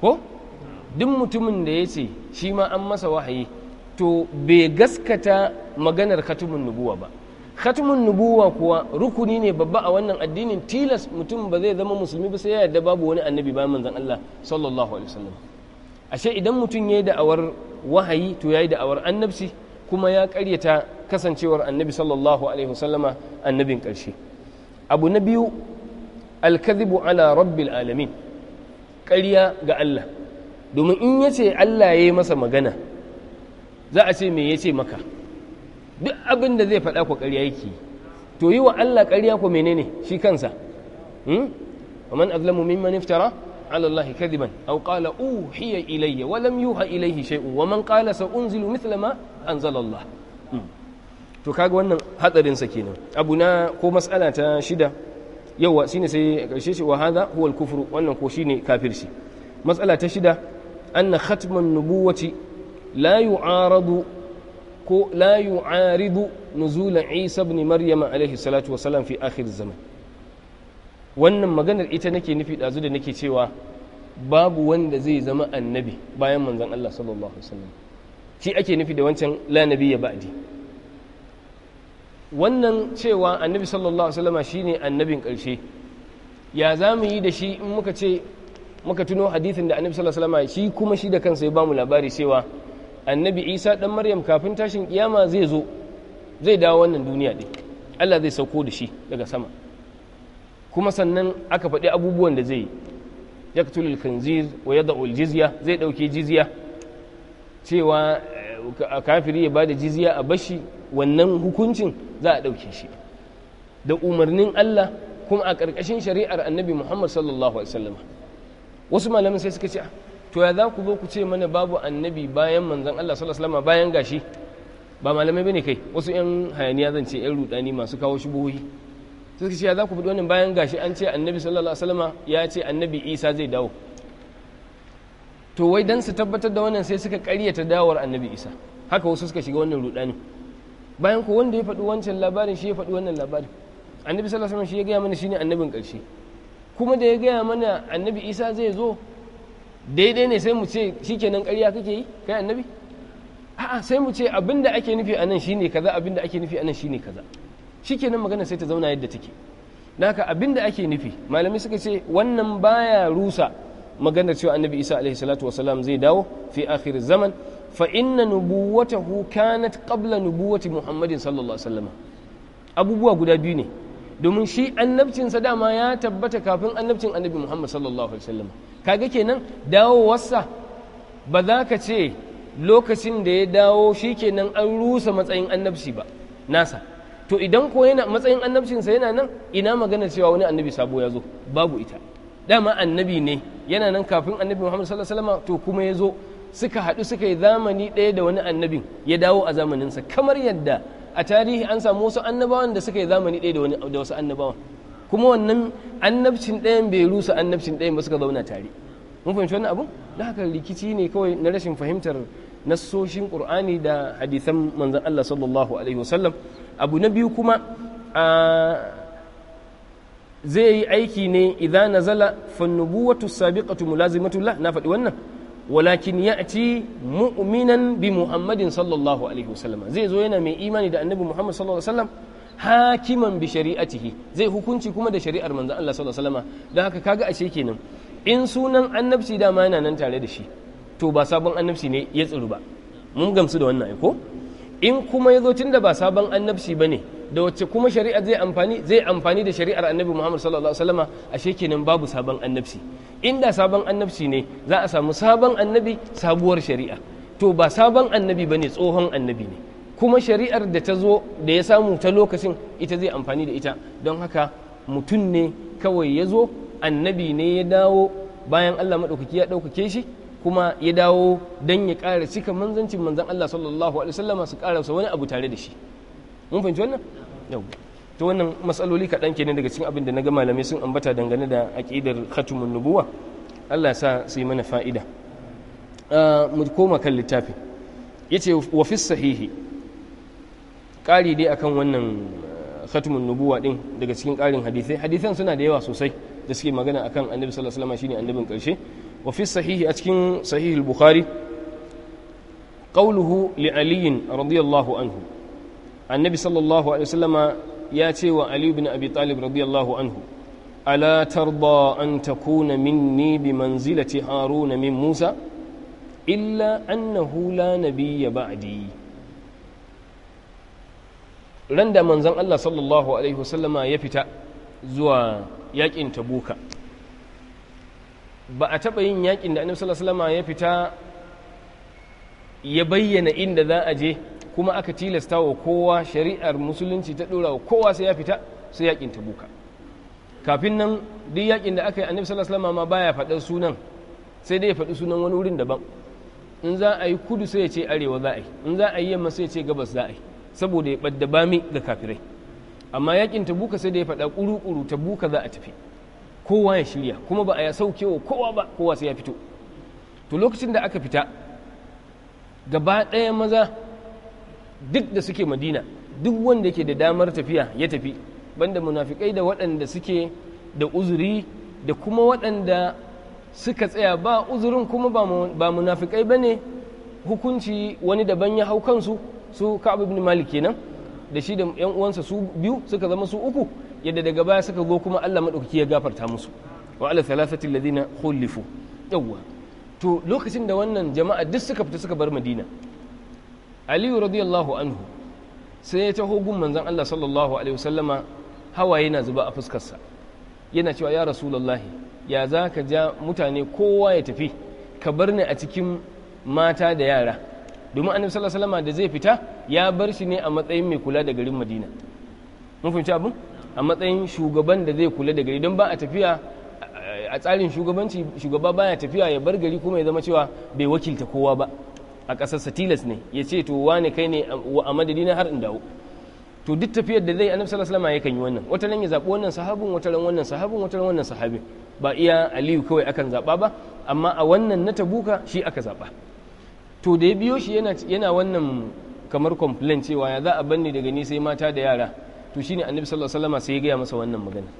ko duk mutumin da ya ce shi ma an masa wahayi to bai gaskata maganar khatmun nubuwa ba khatmun nubuwa kuwa rukuni ne babba a wannan addinin tilas mutum ba zai zama musulmi ba sai ya yarda babu wani annabi ba manzon Allah sallallahu alaihi wasallam ashe idan mutum yayi da'awar wahayi to yayi da'awar annabci kuma ya karyata kasancewar annabi sallallahu alaihi wasallama annabin karshe abu na biyu alkazibu ala rabbil alamin ƙarya ga Allah domin in yace Allah ya yi masa magana za a ce me yace maka duk abin da zai faɗa ku ƙarya yake to yi wa Allah ƙarya ku menene shi kansa hmm? wa man azlamu mimman iftara ala Allah kadiban aw qala uhiya ilayya wa lam yuha ilayhi shay'un wa man qala sa unzilu mithla ma anzala Allah hmm. to kaga wannan hadarin sa kenan abu na ko mas'ala ta shida yawa shine sai karshe shi wa hadha huwa al wannan ko shine kafirci mas'ala ta shida anna khatman nubuwati la yu'aradu ko layu yu'aridu nuzula Isa ibn maryama alaihi salatu wasalam fi akhir zaman wannan maganar ita nake nufi dazu da nake cewa babu wanda zai zama annabi bayan manzon Allah sallallahu alaihi wasallam shi ake nufi da wancan la nabiyya ba'di wannan cewa annabi sallallahu alaihi wasallama shine annabin karshe ya za mu yi da shi in muka ce muka tuno hadithin da annabi sallallahu alaihi wasallama shi kuma shi da kansa ya bamu labari cewa annabi isa dan maryam kafin tashin kiyama zai zo zai dawo wannan duniya din allah zai sauko da shi daga sama kuma sannan aka faɗi abubuwan da zai yi yaqtulul khanzir wa yad'ul jizya zai ɗauke jizya cewa eh, kafiri ya bada jizya a bashi wannan hukuncin za a ɗauke shi da umarnin Allah kuma a ƙarƙashin shari'ar annabi Muhammad sallallahu alaihi wasallam wasu malamin sai suka ce ah, to ya za ku zo ku ce mana babu annabi bayan manzon Allah sallallahu alaihi wasallam bayan gashi ba malamai bane kai wasu yan hayaniya zan ce yan rudani masu kawo shubuhi sai suka ce ya za ku bi wannan bayan gashi an ce annabi sallallahu alaihi wasallam ya ce annabi Isa zai dawo to wai dan su tabbatar da wannan sai suka ƙaryata dawar annabi Isa haka wasu suka shiga wannan rudani bayan ku wanda ya faɗi wancan labarin shi ya faɗi wannan labarin annabi sallallahu alaihi wasallam shi ya gaya mana shine annabin ƙarshe kuma da ya gaya mana annabi isa zai zo daidai ne sai mu ce shikenan ƙarya kake yi kai annabi a'a sai mu ce abinda ake nufi anan shine kaza abinda ake nufi anan shine kaza shikenan magana sai ta zauna yadda take da haka abinda ake nufi malamai suka ce wannan baya rusa maganar cewa annabi isa alaihi salatu wasalam zai dawo fi akhir zaman fa inna nubuwatahu kanat qabla nubuwati muhammadin sallallahu alaihi wasallam abubuwa guda biyu ne domin shi annabcinsa dama ya tabbata kafin annabcin annabi muhammad sallallahu alaihi wasallam kaga kenan dawowarsa ba za ka ce lokacin da ya dawo shi kenan an rusa matsayin annabci ba nasa to idan ko yana matsayin annabcinsa yana nan ina magana cewa wani annabi sabo ya zo babu ita dama annabi ne yana nan kafin annabi muhammad sallallahu alaihi wasallam to kuma ya zo suka haɗu suka yi zamani ɗaya da wani annabin ya dawo a zamaninsa kamar yadda a tarihi an samu wasu annabawan da suka yi zamani ɗaya da wasu annabawan kuma wannan annabcin ɗayan bai rusa annabcin ɗayan ba suka zauna tare mun fahimci wannan abu da haka rikici ne kawai na rashin fahimtar nassoshin qur'ani da hadisan manzon Allah sallallahu alaihi wasallam abu na biyu kuma zai yi aiki ne idza nazala fa nubuwatu sabiqatu la na faɗi wannan walakin ya'ti mu'minan bi muhammadin sallallahu alaihi wasallam zai zo yana mai imani da annabi muhammad sallallahu alaihi wasallam hakiman bi shari'atihi zai hukunci kuma da shari'ar manza Allah sallallahu alaihi wasallam don haka kaga ashe kenan in sunan annabci dama yana nan tare da shi to ba sabon annabci ne ya tsiru ba mun gamsu da wannan ko in kuma ya zo tun da ba sabon annabci ba ne da wacce kuma shari'a zai amfani zai amfani da shari'ar annabi Muhammad sallallahu alaihi wasallama ashe kenan babu sabon annabci inda sabon annabci ne za a samu sabon annabi sabuwar shari'a to ba sabon annabi bane tsohon annabi ne kuma shari'ar da ta zo da ya samu ta lokacin ita zai amfani da ita don haka mutum ne kawai ya zo annabi ne ya dawo bayan Allah maɗaukaki ya ɗaukake shi kuma ya dawo don ya ƙara cika manzancin manzan Allah sallallahu alaihi wasallama su ƙara wani abu tare da shi mun fahimci wannan yau to wannan matsaloli kaɗan kenan daga cikin abin da na ga malamai sun ambata dangane da aƙidar khatumun nubuwa Allah sa su yi mana fa'ida ah, mu koma kan littafi yace wa fi sahihi ƙari dai akan wannan ah, khatumun nubuwa din daga cikin ƙarin hadisai hadisan suna da yawa sosai da suke magana akan annabi sallallahu alaihi wasallam shine annabin ƙarshe wa fi sahihi a cikin sahihul bukhari qawluhu li aliyin radiyallahu anhu annabi sallallahu alaihi wasallama ya ce wa ali ibn abi talib radiyallahu anhu ala tarda an takuna minni bi manzilati haruna min musa illa annahu la nabiyya ba'di ran da manzon Allah sallallahu alaihi wasallama ya fita zuwa yakin tabuka ba a taɓa yin yakin da annabi sallallahu alaihi wasallama ya fita ya bayyana inda za a je kuma aka tilasta wa kowa shari'ar musulunci ta dora wa kowa sai ya fita sai yakin tabuka kafin nan duk yakin da aka yi annabi sallallahu alaihi wasallam ma baya faɗar sunan sai dai ya faɗi sunan wani wurin daban in za a yi kudu sai ya ce arewa za a yi in za a yi yamma sai ya ce gabas za a yi saboda ya ɓadda bami ga kafirai amma yakin tabuka sai da ya faɗa ƙuru-ƙuru tabuka za a tafi kowa ya shirya kuma ba a ya sauke wa kowa ba kowa sai ya fito to lokacin da aka fita gaba ɗaya maza duk da suke madina duk wanda ke da damar tafiya ya tafi banda munafikai da waɗanda suke da uzuri da kuma waɗanda suka tsaya ba uzurin kuma ba munafikai ba ne hukunci wani daban ya hau kansu su ka'ab ibn malik kenan da shi da yan uwansa su biyu suka zama su uku yadda daga baya suka zo kuma Allah madaukaki ya gafarta musu wa ala thalathati alladhina khulifu yawwa to lokacin da wannan jama'a duk suka fita suka bar madina aliyu radiyallahu anhu sai ya taho gun manzon Allah sallallahu alaihi wasallama hawaye na zuba a fuskarsa yana cewa ya rasulullahi ya za ka ja mutane kowa ya tafi ka bar ni a cikin mata da yara domin annabi sallallahu alaihi wasallama da zai fita ya bar shi ne a matsayin mai kula da garin madina mun fahimci abin a matsayin shugaban da zai kula da gari don ba a tafiya a tsarin shugabanci shugaba baya tafiya ya bar gari kuma ya zama cewa bai wakilta kowa ba a ƙasarsa tilas ne ya ce to wane kai ne a madadi na har in dawo to duk tafiyar da zai annabi sallallahu alaihi wasallam kan yi wannan wata nan ya zabi wannan sahabin wata ran wannan sahabin wata ran wannan sahabin ba iya aliyu kawai akan zaba ba amma a wannan na tabuka shi aka zaba to da ya biyo shi yana yana wannan kamar complain cewa ya za a banni daga ni sai mata da yara to shine annabi sallallahu alaihi wasallam sai ya gaya masa wannan magana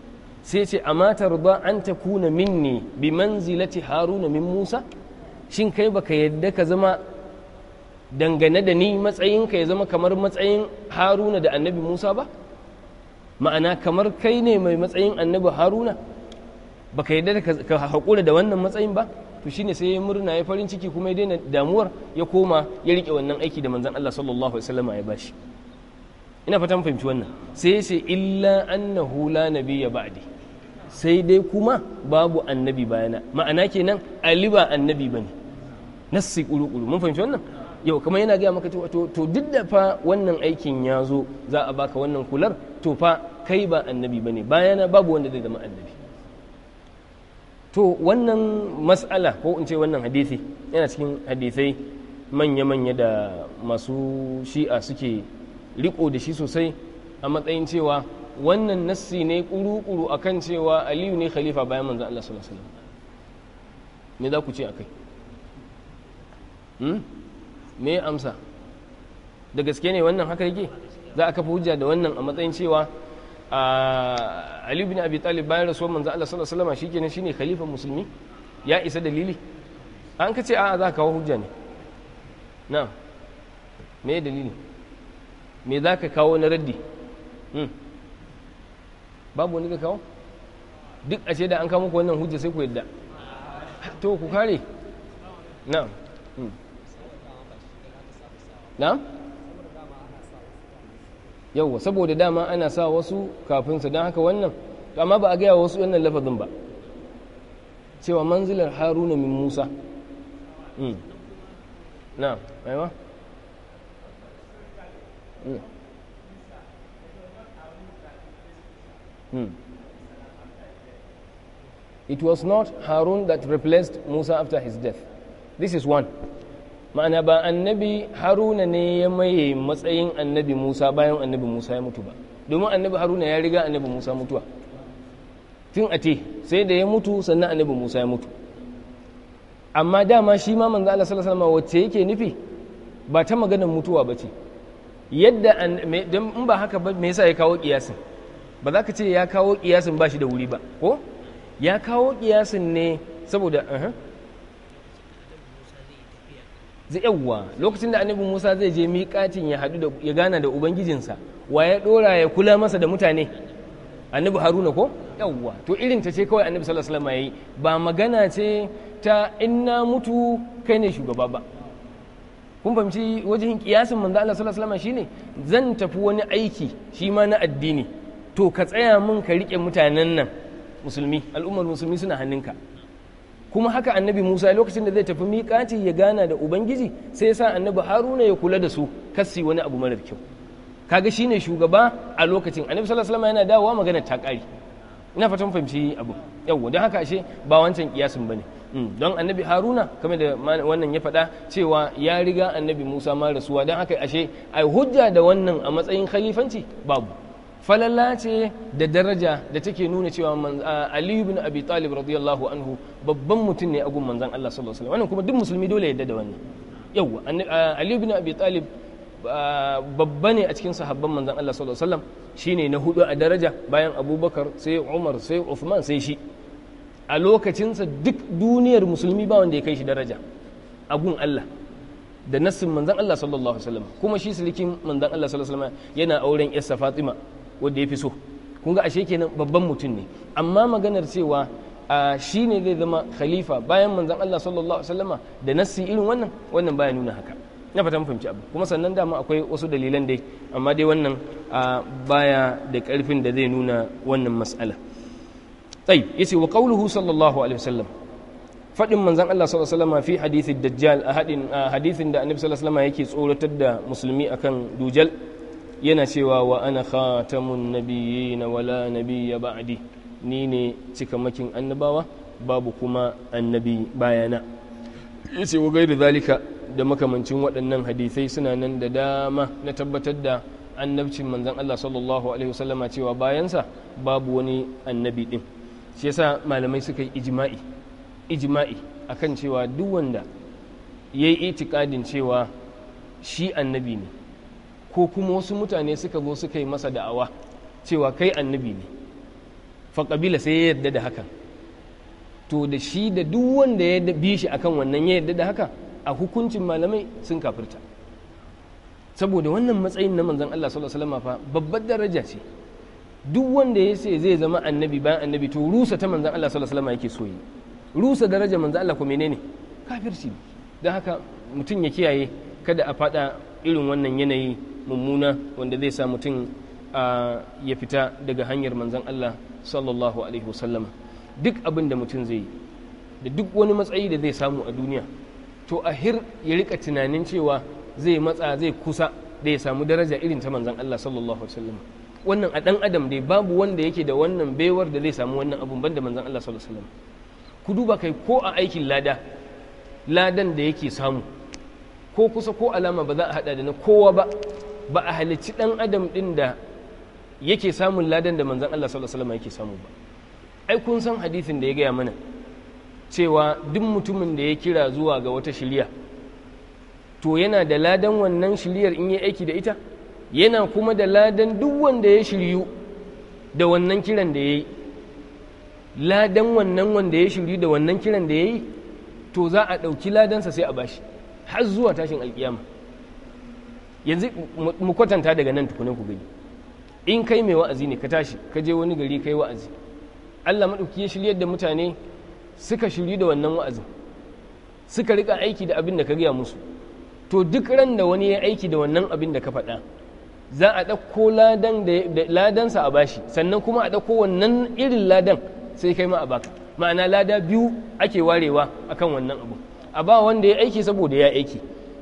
sai ce ce amma tarda an ta takuna minni bi manzilati haruna min musa shin kai baka yadda ka zama dangane da ni matsayinka ya zama kamar matsayin haruna da annabi musa ba ma'ana kamar kai ne mai matsayin annabi haruna ba ka yarda ka haƙura da wannan matsayin ba to shine sai ya murna ya farin ciki kuma ya daina damuwar ya koma ya riƙe wannan aiki da manzon Allah sallallahu alaihi wasallam ya bashi ina fatan fahimci wannan sai sai illa annahu la nabiyya ba'di sai dai kuma babu annabi bayana ma'ana kenan ali ba annabi bane nassi kuru mun fahimci wannan yau kamar yana gaya maka cewa to duk da fa wannan aikin ya zo za a baka wannan kular to fa kai ba annabi ba ne bayana babu wanda zai zama annabi to wannan mas'ala ko in ce wannan hadisi yana cikin hadisai manya-manya da masu shi'a suke riko da shi sosai a matsayin cewa wannan nassi ne kuru-kuru a kan cewa aliyu ne khalifa bayan manzan Allah sallallahu alaihi wasallam me za ku ce a akai hmm? me amsa da gaske ne wannan haka yake za a kafa hujja da wannan a matsayin cewa Ali bin Abi Talib bayan rasuwar manzo Allah sallallahu alaihi wasallam shikenan shine khalifa musulmi ya isa dalili an ka ce a'a za ka kawo hujja ne na'am me dalili me za ka kawo na raddi hmm. babu wani ka kawo duk a ce da an kawo muku wannan hujja sai ku yadda to ku kare na'am na yauwa saboda dama ana sa wasu kafin su don haka wannan to amma ba a gaya wasu yannan lafazin ba cewa manzilar haruna min musa hmm. na aiwa hmm. Hmm. It was not Harun that replaced Musa after his death. This is one. ma'ana ba annabi haruna ne ya maye matsayin annabi musa bayan annabi musa ya mutu ba domin annabi haruna ya riga annabi musa mutuwa tun a te sai da ya mutu sannan annabi musa ya mutu amma dama shi ma manzo Allah sallallahu alaihi wasallam wacce yake nufi ba ta maganar mutuwa ba ce yadda in ba haka ba me yasa ya kawo kiyasin ba za ka ce ya kawo kiyasin ba shi da wuri ba ko ya kawo kiyasin ne saboda uh-huh, yawwa lokacin da annabi musa zai je miƙatin ya haɗu ya gana da ubangijinsa wa ya ɗora ya kula masa da mutane annabi haruna ko yawwa to irin ta ce kawai annabi sallallahu alaihi wasallam yayi ba magana ce ta inna mutu kai ne shugaba ba kun fahimci wajen kiyasin manzo Allah sallallahu alaihi wasallam shine zan tafi wani aiki shi ma na addini to ka tsaya min ka rike mutanen nan musulmi al'ummar musulmi suna hannunka kuma haka annabi musa lokacin da zai tafi miƙaci ya gana da ubangiji sai ya sa annabi haruna ya kula da su kassi wani abu marar kyau kaga shi ne shugaba a lokacin annabi sallallahu alaihi yana dawowa magana ta ƙari ina fatan fahimci abu yawwa don haka ashe ba wancan kiyasin bane hmm, don annabi haruna kamar da wannan ya faɗa cewa ya riga annabi musa ma rasuwa don haka ashe ai hujja da wannan a matsayin khalifanci babu falalla ce da daraja da take nuna cewa Ali ibn Abi Talib radiyallahu anhu babban mutum ne a gun manzon Allah sallallahu alaihi wasallam wannan kuma duk musulmi dole ya yarda da wannan yawa Ali ibn Abi Talib babba ne a cikin sahabban manzon Allah sallallahu alaihi wasallam shine na hudu a daraja bayan Abubakar sai Umar sai Uthman sai shi a lokacinsa duk duniyar musulmi ba wanda ya kai shi daraja a gun Allah da nassin manzon Allah sallallahu alaihi wasallam kuma shi silikin manzon Allah sallallahu alaihi wasallam yana auren Yassa Fatima wanda ya fi so kun ga ashe kenan babban mutum ne amma maganar cewa shi ne zai zama khalifa bayan manzan Allah sallallahu alaihi wasallama da nassi irin wannan wannan baya nuna haka na fata fahimci abu kuma sannan dama akwai wasu dalilan dai amma dai wannan baya da karfin da zai nuna wannan mas'ala tsayi yace wa qauluhu sallallahu alaihi wasallam fadin manzan Allah sallallahu alaihi wasallam fi hadithin dajjal a hadithin da annabi sallallahu alaihi wasallam yake tsoratar da musulmi akan dujal yana cewa wa ana khatamun na wala nabiyya ba'di ni ne cikamakin annabawa babu kuma annabi bayana yace wa gairu zalika da makamancin waɗannan hadisai suna nan da dama na tabbatar da annabcin manzon Allah sallallahu alaihi wasallama cewa bayansa babu wani annabi din shi yasa malamai suka yi ijma'i ijma'i akan cewa duk wanda yayi itikadin cewa shi annabi ne ko kuma wasu mutane suka zo suka yi masa da'awa cewa kai annabi ne fa kabila sai ya yarda da hakan to da shi da duk wanda ya bi shi akan wannan ya yarda da haka a hukuncin malamai sun kafirta saboda wannan matsayin na manzon Allah sallallahu alaihi wasallam fa babbar daraja ce duk wanda ya sai zai zama annabi bayan annabi to rusa ta manzon Allah sallallahu alaihi wasallam yake so yi rusa daraja manzon Allah ko menene kafirci don haka mutum ya kiyaye kada a fada irin wannan yanayi mummuna wanda zai sa mutum ya fita daga hanyar manzan Allah sallallahu alaihi wasallama duk abin da mutum zai yi da duk wani matsayi da zai samu a duniya to a hir ya rika tunanin cewa zai matsa zai kusa da ya samu daraja irin ta manzan Allah sallallahu alaihi wasallama wannan a dan adam dai babu wanda yake da wannan baiwar da zai samu wannan abun banda manzan Allah sallallahu alaihi wasallama ku duba kai ko a aikin lada ladan da yake samu ko kusa ko alama ba za a hada da na kowa ba ba a halicci dan adam din da yake samun ladan da manzon Allah sallallahu alaihi wasallam yake samu ba ai kun san hadisin da ya gaya mana cewa duk mutumin da ya kira zuwa ga wata shirya to yana da ladan wannan shiryar in yi aiki da ita yana kuma da ladan duk wanda ya shiryu da wannan kiran da ya yi ladan wannan wanda ya shiryu da wannan kiran da ya yi to za a ɗauki ladansa sai a bashi har zuwa tashin alkiyama yanzu mu kwatanta daga nan tukunan ku gani in kai mai wa'azi ne ka tashi ka je wani gari kai wa'azi Allah maɗauki ya shirya da mutane suka shiryu da wannan wa'azin suka riƙa aiki da abin da ka gaya musu to duk ran da wani ya aiki da wannan abin da ka faɗa za a ɗauko ladan da ladansa a bashi sannan kuma a ɗauko wannan irin ladan sai kai ma a baka ma'ana lada biyu ake warewa akan wannan abu a ba wanda ya aiki saboda ya aiki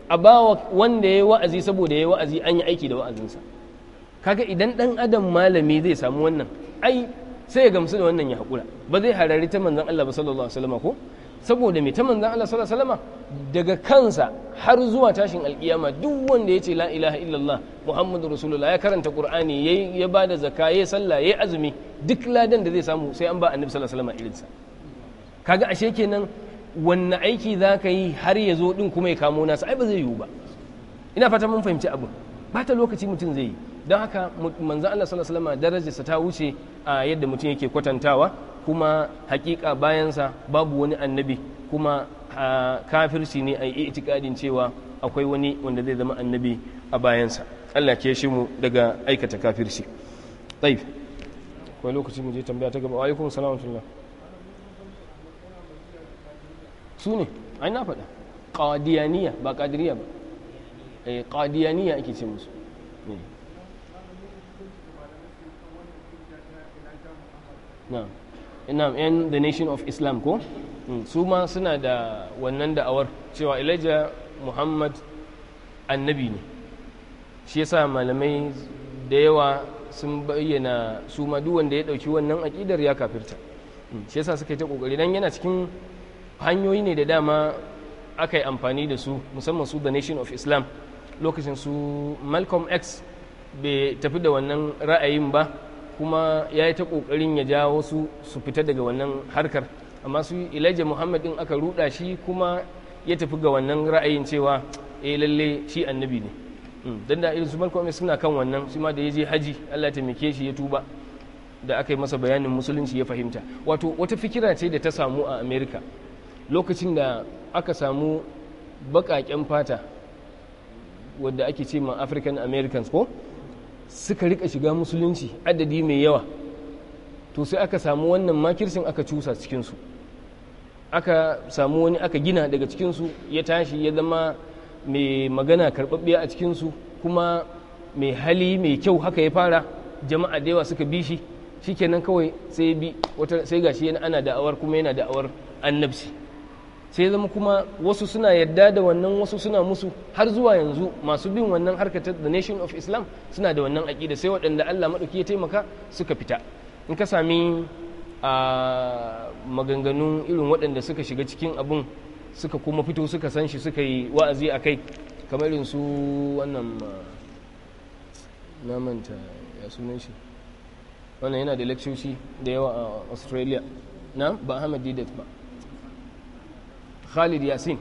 a ba wanda ya wa'azi saboda ya wa'azi an yi aiki da wa'azinsa kaga idan dan adam malami zai samu wannan ai sai ya gamsu da wannan ya haƙura ba zai harari ta manzan Allah ba sallallahu alaihi wasallam ko saboda me ta manzan Allah sallallahu alaihi wasallam daga kansa har zuwa tashin alkiyama duk wanda ya ce la ilaha illallah muhammadu rasulullah ya karanta qur'ani yayi ya bada zakka ya sallah yayi azumi duk ladan da zai samu sai an ba annabi sallallahu alaihi wasallam irinsa kaga ashe kenan wanne aiki za ka yi har ya zo ɗin kuma ya kamo nasa ai ba zai yiwu ba ina fata mun fahimci abu. ba ta lokaci mutum zai yi don haka manzo Allah sallallahu alaihi wasallam darajarsa ta wuce a yadda mutum yake kwatantawa kuma hakika bayansa babu wani annabi kuma kafirci ne a yi itikadin cewa akwai wani wanda zai zama annabi a bayansa Allah ke shi mu daga aikata kafirci tsayi akwai lokaci mu je tambaya ta gaba wa alaikum su ne ai na faɗa qadiyaniya ba qadiriya ba eh ake ce musu eh. na'am na'am in the nation of islam ko hmm, su ma suna da wannan da'awar cewa ilaja muhammad annabi ne shi yasa malamai da yawa sun bayyana su ma duk wanda ya dauki wannan aƙidar ya kafirta hmm, shi yasa suka yi ta kokari dan yana cikin hanyoyi ne da dama aka yi amfani da su musamman su the nation of islam lokacin su malcolm x bai tafi da wannan ra'ayin ba kuma ya yi ta ƙoƙarin ya ja wasu su fita daga wannan harkar amma su ilaja muhammad din aka ruɗa shi kuma ya tafi ga wannan ra'ayin cewa eh lalle shi annabi ne hmm. don da irin su malcolm x suna kan wannan shi ma da ya je haji allah ta mike shi ya tuba da aka yi masa bayanin musulunci ya fahimta wato wata fikira ce da ta samu a amerika. lokacin da aka samu baƙaƙen fata wadda ake ce ma african americans ko suka rika shiga musulunci adadi mai yawa to sai aka samu wannan makirsin aka cusa cikinsu aka samu wani aka gina daga cikinsu ya tashi ya zama mai magana karbabbiya a cikinsu kuma mai hali mai kyau haka ya fara jama'a da yawa suka bi shi kenan kawai sai bi sai gashi yana ana da'awar kuma yana da'awar annabci sai zama kuma wasu suna yadda da wannan wasu suna musu har zuwa yanzu masu bin wannan harkar the nation of islam suna da wannan aƙida sai waɗanda allah maɗauki ya taimaka suka fita in ka sami a ah, maganganun irin waɗanda suka shiga cikin abin suka kuma fito suka san shi suka yi wa'azi a kai kamar irin su wannan ah, namanta ya sunan shi wannan yana da lakcoci da yawa a australia na ba ba khalid yasin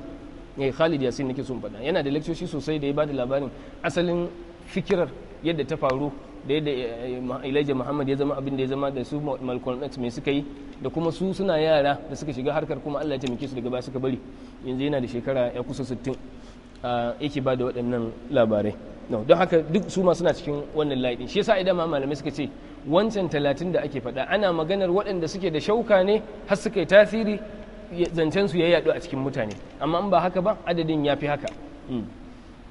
ne eh, khalid yasin nake son faɗa yana da lectoci sosai da ya bada labarin asalin fikirar yadda ta faru da yadda ilaija eh, Muhammad ya zama abin da ya zama da su Malcolm X mai suka yi da kuma su suna yara da suka shiga harkar kuma Allah ya taimake su daga baya suka bari yanzu yana da shekara ya kusa 60 ah, yake ba da waɗannan labarai don haka duk su ma suna cikin wannan layi shi yasa idan malamai suka ce wancan talatin da ake faɗa ana maganar waɗanda suke da shauka ne har suka yi tasiri zancen su ya yadu a cikin mutane amma in ba haka ba adadin ya fi haka hmm.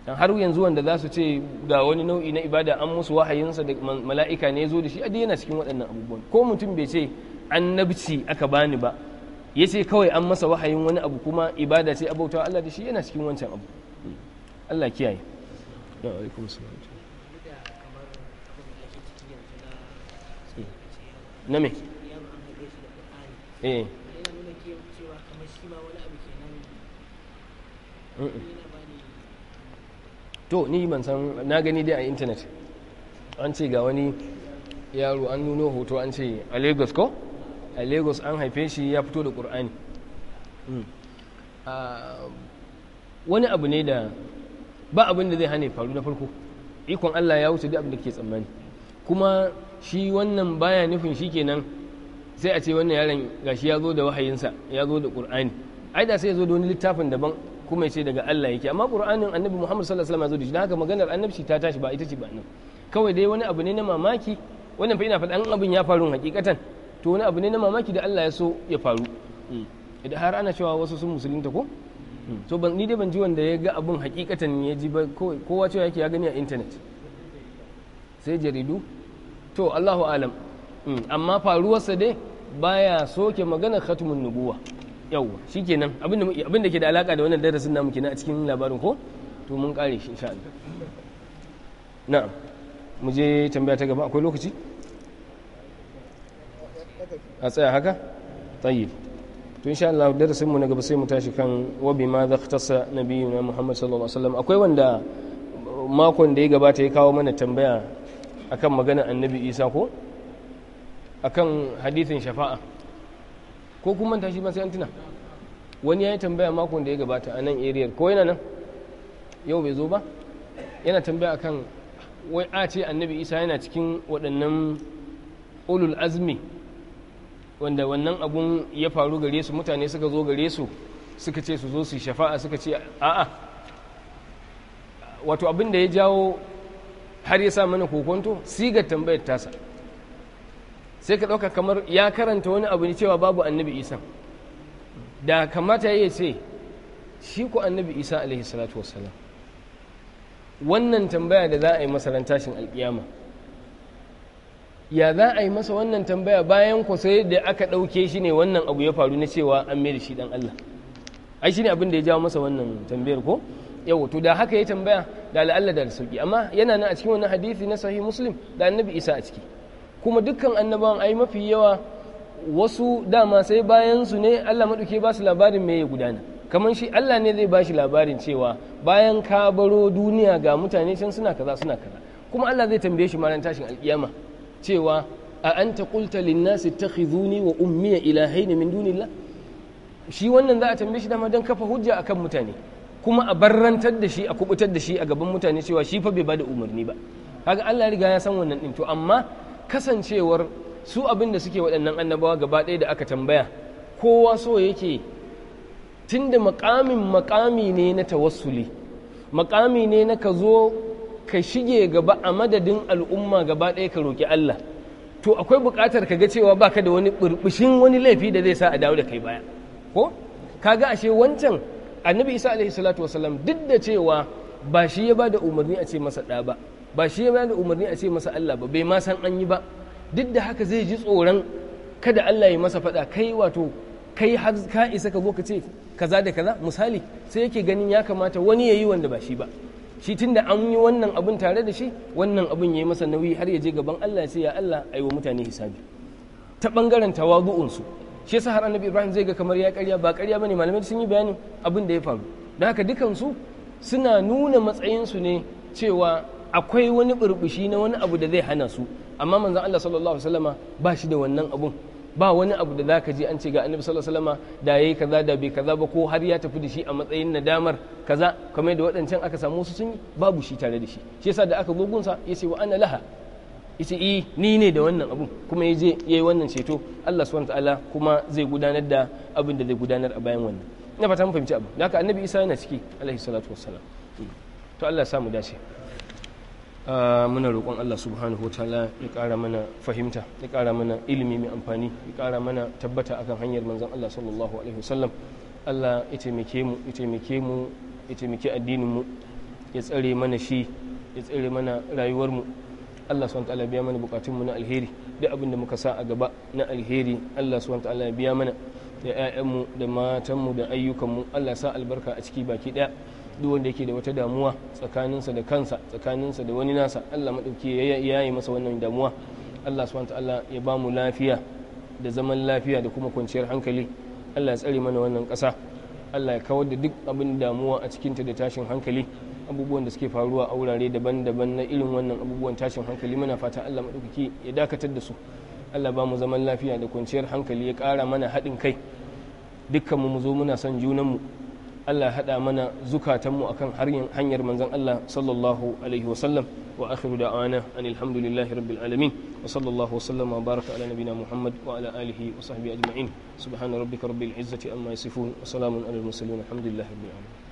dan har yanzu wanda za su ce ga wani nau'i na ibada an musu wahayinsa da mala'ika ne ya zo da shi adi yana cikin waɗannan abubuwan ko mutum bai ce annabci aka bani ba ya ce kawai an masa wahayin wani abu kuma ibada ce abautawa Allah da shi yana cikin wancan abu hmm. Allah kiyaye na me eh to ni ban san na gani dai a intanet an ce ga wani yaro an nuno hoto an ce a lagos ko a lagos an haife shi ya fito da ƙur'ani hmm. ah, wani abu ne da ba abin da zai hane faru na farko ikon allah ya wuce duk abin da ke tsammani kuma shi wannan baya nufin shi kenan sai a ce wannan yaron gashi ya zo da wahayinsa ya zo da ƙur'ani ai da sai ya zo da wani littafin daban kuma ya ce daga Allah yake amma qur'anin annabi Muhammad sallallahu alaihi wasallam ya zo da shi haka maganar annabci ta tashi ba ita ce ba nan kawai dai wani abu ne na mamaki wannan fa ina an abin ya faru hakikatan to wani abu ne na mamaki da Allah ya so ya faru idan har ana cewa wasu sun musulunta ko so ban ni dai ban ji wanda ya ga abin hakikatan ya ji ba kowa cewa yake ya gani a internet sai jaridu to Allahu alam hmm, amma faruwarsa dai baya soke maganar khatmun nubuwa yawwa shikenan abin da ke da alaka da wannan darasin namu kenan a cikin labarin ko to mun kare shi insha Allah na'am mu je tambaya ta gaba akwai lokaci a tsaya haka tayyib to insha Allah darasin mu na gaba sai mu tashi kan wa na biyu nabiyuna Muhammad sallallahu alaihi wasallam akwai wanda makon da ya gabata ya kawo mana tambaya akan maganar annabi Isa ko akan hadithin shafa'a ko kuma manta shi ma wani ya yi tambaya makon da ya gabata a nan ariyar ko yana nan yau bai zo ba yana tambaya akan wai a ce annabi isa yana cikin waɗannan ulul azmi wanda wannan abun ya faru gare su mutane suka zo gare su suka ce su zo su shafa'a suka ce a'a wato abin da ya jawo har ya sa mana kokonto sigar tambayar tasa sai ka ɗauka kamar ya karanta wani abu ne cewa babu annabi isa da kamata ya ce shi ku annabi isa alaihi salatu wassalam wannan tambaya da za a yi masa ran tashin alƙiyama ya za a yi masa wannan tambaya bayan ku sai da aka ɗauke shi ne wannan abu ya faru na cewa an mai da shi ɗan Allah ai shi ne abin da ya jawo masa wannan tambayar ko yau to da haka ya tambaya da la'alla da sauki amma yana nan a cikin wannan hadisi na sahih muslim da annabi isa a ciki kuma dukkan annabawan ai mafi yawa wasu dama sai bayan su ne Allah maduke ba su labarin me gudana kamar shi Allah ne zai ba shi labarin cewa bayan ka baro duniya ga mutane can suna kaza suna kaza kuma Allah zai tambaye shi ranar tashin alkiyama cewa a anta qulta lin ta ittakhizuni wa ummi ilahaini min dunillah shi wannan za a tambaye shi dama don kafa hujja akan mutane kuma a barrantar da shi a kubutar da shi a gaban mutane cewa shi fa bai bada umarni ba kaga Allah ya riga ya san wannan din to amma kasancewar su abin da suke waɗannan annabawa gaba ɗaya da aka tambaya kowa so yake tunda makamin makami ne na tawassuli makami ne na ka zo ka shige gaba a madadin al'umma gaba ɗaya ka roƙi Allah to akwai buƙatar ka ga cewa baka da wani burbushin wani laifi da zai sa a dawo da kai baya ko ka ga ashe wancan annabi isa alaihi salatu wasallam duk da cewa ba shi ya ba da umarni a ce masa ɗa ba ba shi ya bayar da umarni a ce masa Allah ba bai ma san an yi ba duk da haka zai ji tsoron kada Allah ya masa faɗa kai wato kai har ka isa ka zo ka ce kaza da kaza misali sai yake ganin ya kamata wani ya yi wanda ba shi ba shi tunda an yi wannan abun tare da shi wannan abun ya yi masa nauyi har ya je gaban Allah ya ce ya Allah ai wa mutane hisabi ta bangaren su shi yasa har annabi Ibrahim zai ga kamar ya karya ba karya bane malamai sun yi bayanin abin da ya faru da haka dukansu suna nuna matsayinsu ne cewa akwai wani burbushi na wani abu da zai hana su amma manzon Allah sallallahu alaihi wasallama ba shi da wannan abun ba wani abu da zaka ji an ce ga annabi sallallahu alaihi wasallama da yayi kaza da bai kaza ba ko har ya tafi da shi a matsayin nadamar kaza kamar da waɗancan aka samu su sun babu shi tare da shi shi yasa da aka zo gunsa yace wa anna laha yace eh ni ne da wannan abun kuma ya je yayi wannan ceto Allah subhanahu ta'ala kuma zai gudanar da abin da zai gudanar a bayan wannan ina fata mun fahimci abu da haka annabi Isa yana ciki alaihi salatu wassalam to Allah ya samu dace Ah, muna roƙon Allah subhanahu wa ta'ala ya ƙara mana fahimta ya ƙara mana ilimi mai amfani ya ƙara mana tabbata akan hanyar manzon Allah sallallahu alaihi wasallam Allah ya taimake mu ya taimake mu ya taimake addinin mu ya tsare mana shi ya tsare mana rayuwar mu Allah subhanahu wa ta'ala biya mana bukatun mu na alheri duk abin da muka sa a gaba na alheri Allah subhanahu wa ta'ala biya mana da mu da mu da ayyukanmu Allah sa albarka a ciki baki ɗaya duk wanda yake da wata damuwa tsakaninsa da kansa tsakaninsa da wani nasa Allah maɗauki ya yi masa wannan damuwa Allah subhanahu ta'ala ya ba mu lafiya da zaman lafiya da kuma kwanciyar hankali Allah ya tsare mana wannan ƙasa Allah ya kawar da duk abin damuwa a cikinta da tashin hankali abubuwan da suke faruwa a wurare daban-daban na irin wannan abubuwan tashin hankali muna fata Allah maɗauki ya dakatar da su Allah ba mu zaman lafiya da kwanciyar hankali ya ƙara mana haɗin kai dukkanmu mu zo muna son junanmu Allah haɗa mana zukatanmu akan hanyar manzon Allah sallallahu alaihi wasallam wa akhiru da'ana an hamdulillahi rabbil alamin wa sallallahu wasallam wa baraka ala nabina Muhammad wa ala alihi wa sahbihi ajma'in subhana rabbika rabbil izzati amma yasifun wa salamun alal mursalin alhamdulillahi rabbil alamin